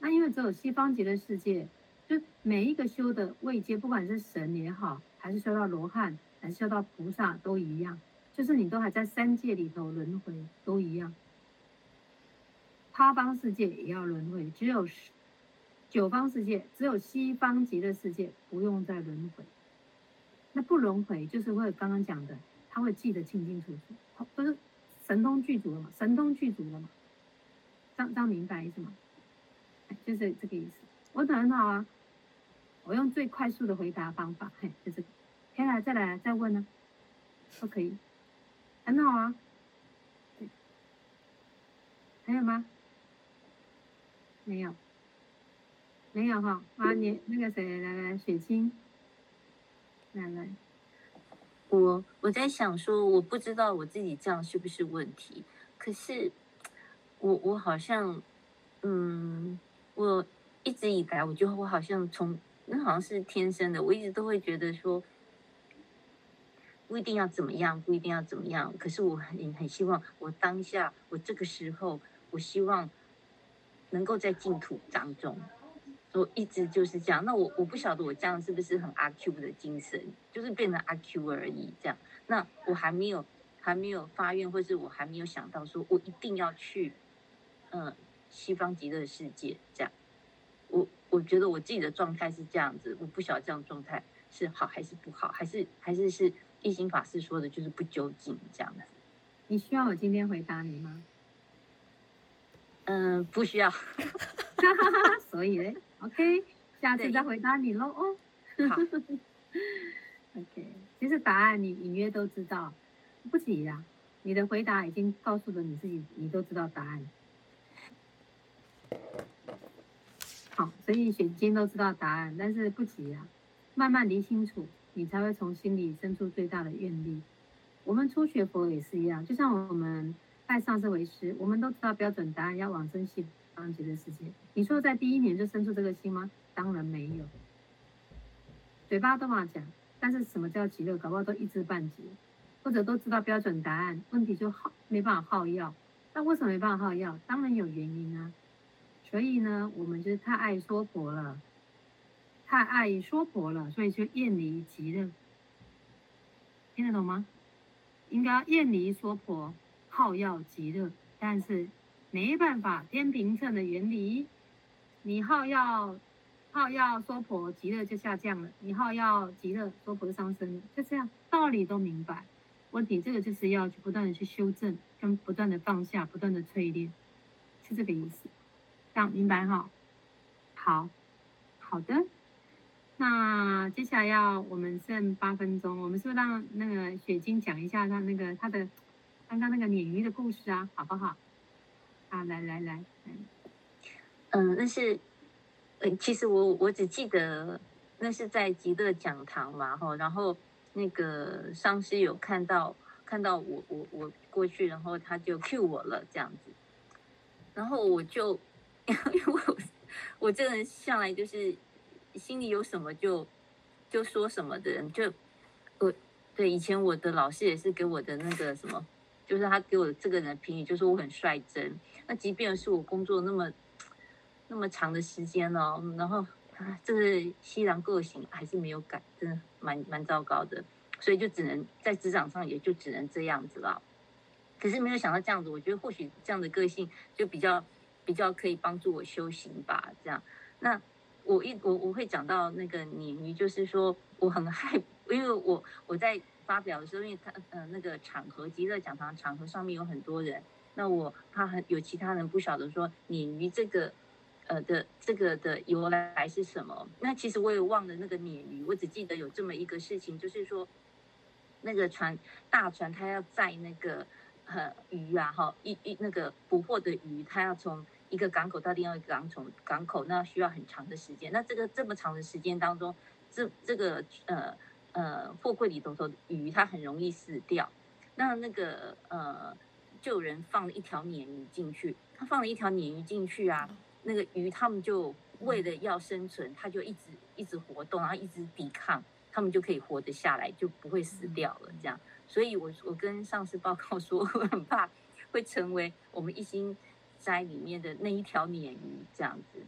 那因為只有西方極樂世界，就每一個修的位階，不管是神也好，還是修到羅漢，還是修到菩薩，都一樣，就是你都還在三界裡頭輪迴，都一樣。他方世界也要輪迴，只有九方世界，只有西方極樂世界不用再輪迴。那不輪迴，就是我剛剛講的，他會記得清清楚楚，哦、不是神通具足了嘛？神通具足了嘛？張張明白意思嗎、哎？就是這個意思。我等很好啊，我用最快速的回答方法，嘿，就是。天來再來，再問呢、啊？不可以。很好啊，對，還有嗎？沒有，沒有哈、哦、啊！你那個誰來來，水晶奶奶。來來，我我在想說，我不知道我自己這樣是不是問題，可是我我好像嗯，我一直以來，我覺得我好像從那、嗯、好像是天生的，我一直都會覺得說。不一定要怎麼樣，不一定要怎麼樣。可是我很很希望，我當下我這個時候，我希望能夠在淨土當中。我一直就是這樣。那我我不曉得我這樣是不是很阿 Q 的精神，就是變成阿 Q 而已。這樣，那我還沒有還沒有發願，或是我還沒有想到說，我一定要去嗯、呃、西方極樂世界。這樣，我我覺得我自己的狀態是這樣子。我不曉得這樣的狀態是好還是不好，還是還是是。一心法師說的就是不究竟這樣子，你需要我今天回答你嗎？嗯，不需要。 所以咧，OK，下次再回答你嘍哦。好對 ，OK，其實答案你隱約都知道，不急呀、啊，你的回答已經告訴了你自己，你都知道答案。好，所以選今天都知道答案，但是不急呀、啊，慢慢理清楚。你才會從心裡生出最大的願力。我們初學佛也是一樣，就像我們拜上師為師，我們都知道標準答案要往生西方極樂世界。你說在第一年就生出這個心嗎？當然沒有，嘴巴都好講，但是什麼叫極樂，搞不好都一知半解，或者都知道標準答案，問題就好，沒辦法好樂。那為什麼沒辦法好樂？當然有原因啊。所以呢，我們就是太愛說佛了。太愛娑婆了，所以就厭離極樂，聽得懂嗎？應該厭離娑婆，好要極樂，但是沒辦法，天平秤的原理，你好要好要娑婆極樂就下降了，你好要極樂娑婆就上升了，就這樣道理都明白。問題這個就是要去不斷的去修正，跟不斷的放下，不斷的淬煉，是這個意思。這樣明白哈、哦？好，好的。那接下來要我們剩八分鐘，我們是不是讓那個雪晶講一下他那個他的剛剛那個鯰魚的故事啊，好不好？啊，來來來，嗯，嗯，那是，呃，其實我我只記得那是在極樂講堂嘛，吼，然後那個上師有看到看到我我我過去，然後他就 cue 我了這樣子，然後我就因為我我這個人向來就是。心裡有什麼就就說什麼的人，就我對以前我的老師也是給我的那個什麼，就是他給我的這個人的評語就說我很率真。那即便是我工作那麼那麼長的時間哦，然後，啊，這是西洋個性還是沒有改，真的蠻蠻糟糕的，所以就只能在職場上也就只能這樣子了。可是沒有想到這樣子，我覺得或許這樣的個性就比較比較可以幫助我修行吧，這樣那。我一，我我會講到那個鯰魚，就是說我很害，因為我我在發表的時候，因為他呃那個場合，極樂講堂場合上面有很多人，那我怕還有其他人不曉得說鯰魚這個呃的這個的由來是什麼？那其實我也忘了那個鯰魚，我只記得有這麼一個事情，就是說那個船大船它要載那個呃魚啊哈一一那個捕獲的魚，它要從。一個港口到另外一個港口港口，那需要很長的時間。那這個這麼長的時間當中，這這個呃呃貨櫃裡頭頭的魚，它很容易死掉。那那個呃，就有人放了一條鯰魚進去，他放了一條鯰魚進去啊。那個魚他們就為了要生存，它就一直一直活動，然後一直抵抗，他們就可以活得下來，就不會死掉了。這樣，所以我我跟上司報告說，我很怕會成為我們一心。在裡面的那一條鯰魚，這樣子，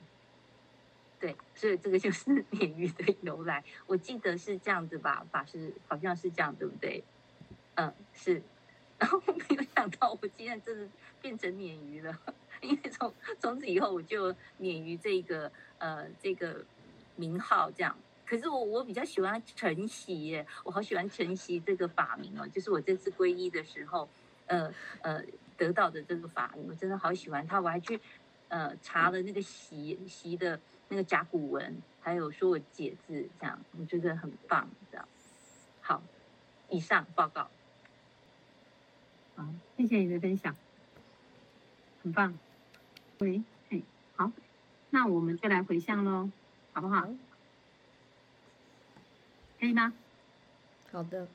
對，所以這個就是鯰魚的由來。我記得是這樣子吧，法師好像是這樣，對不對？嗯，是。然後我沒有想到，我今天真的變成鯰魚了，因為從從此以後我就免於這個呃這個名號這樣。可是我我比較喜歡晨曦耶、欸，我好喜歡晨曦這個法名哦、喔。就是我這次皈依的時候，呃呃。得到的這個法，我真的好喜歡他。我還去，呃，查了那個習習的那個甲骨文，還有說文解字這樣，我覺得很棒這樣。好，以上報告。好，謝謝你的分享，很棒。喂，嘿，好，那我們就來回向嘍，好不好？Okay. 可以嗎？好的。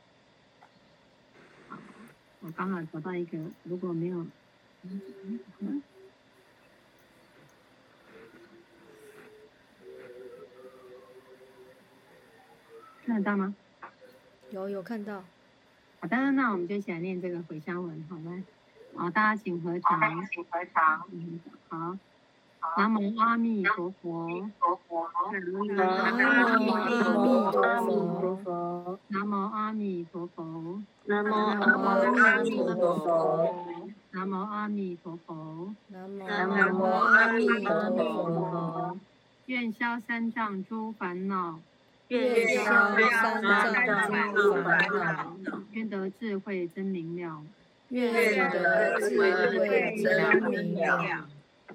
我剛好找到一個，如果沒有，嗯嗯、看得到嗎？有有看到。好的，那我們就起來念這個回向文，好嗎？好，大家請合掌。Okay, 請合掌、嗯。好。南無阿彌陀佛，南無阿彌陀佛，南無阿彌陀佛，南無阿彌陀佛，南無阿彌陀佛，南無阿彌陀佛，願消三障諸煩惱，願消三障諸煩惱，願得智慧真明了，願得智慧真明了。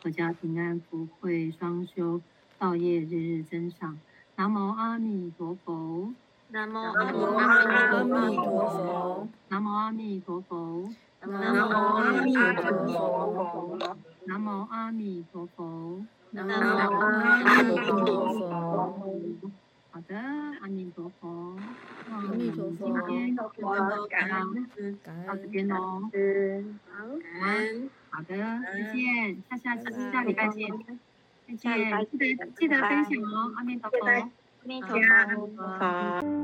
闔家平安，福慧雙修，道業日日增長。南無阿彌陀佛，南無阿彌陀佛，南無阿彌陀佛，南無阿彌陀佛，南無阿彌陀佛，南無阿彌陀佛，南無阿彌陀佛。好的，阿彌陀佛，阿彌陀佛，我要感恩，感恩天老師，感恩，好的，再見，下下次下禮拜見，再見，記得記得分享哦，阿彌陀佛，阿彌陀佛，好。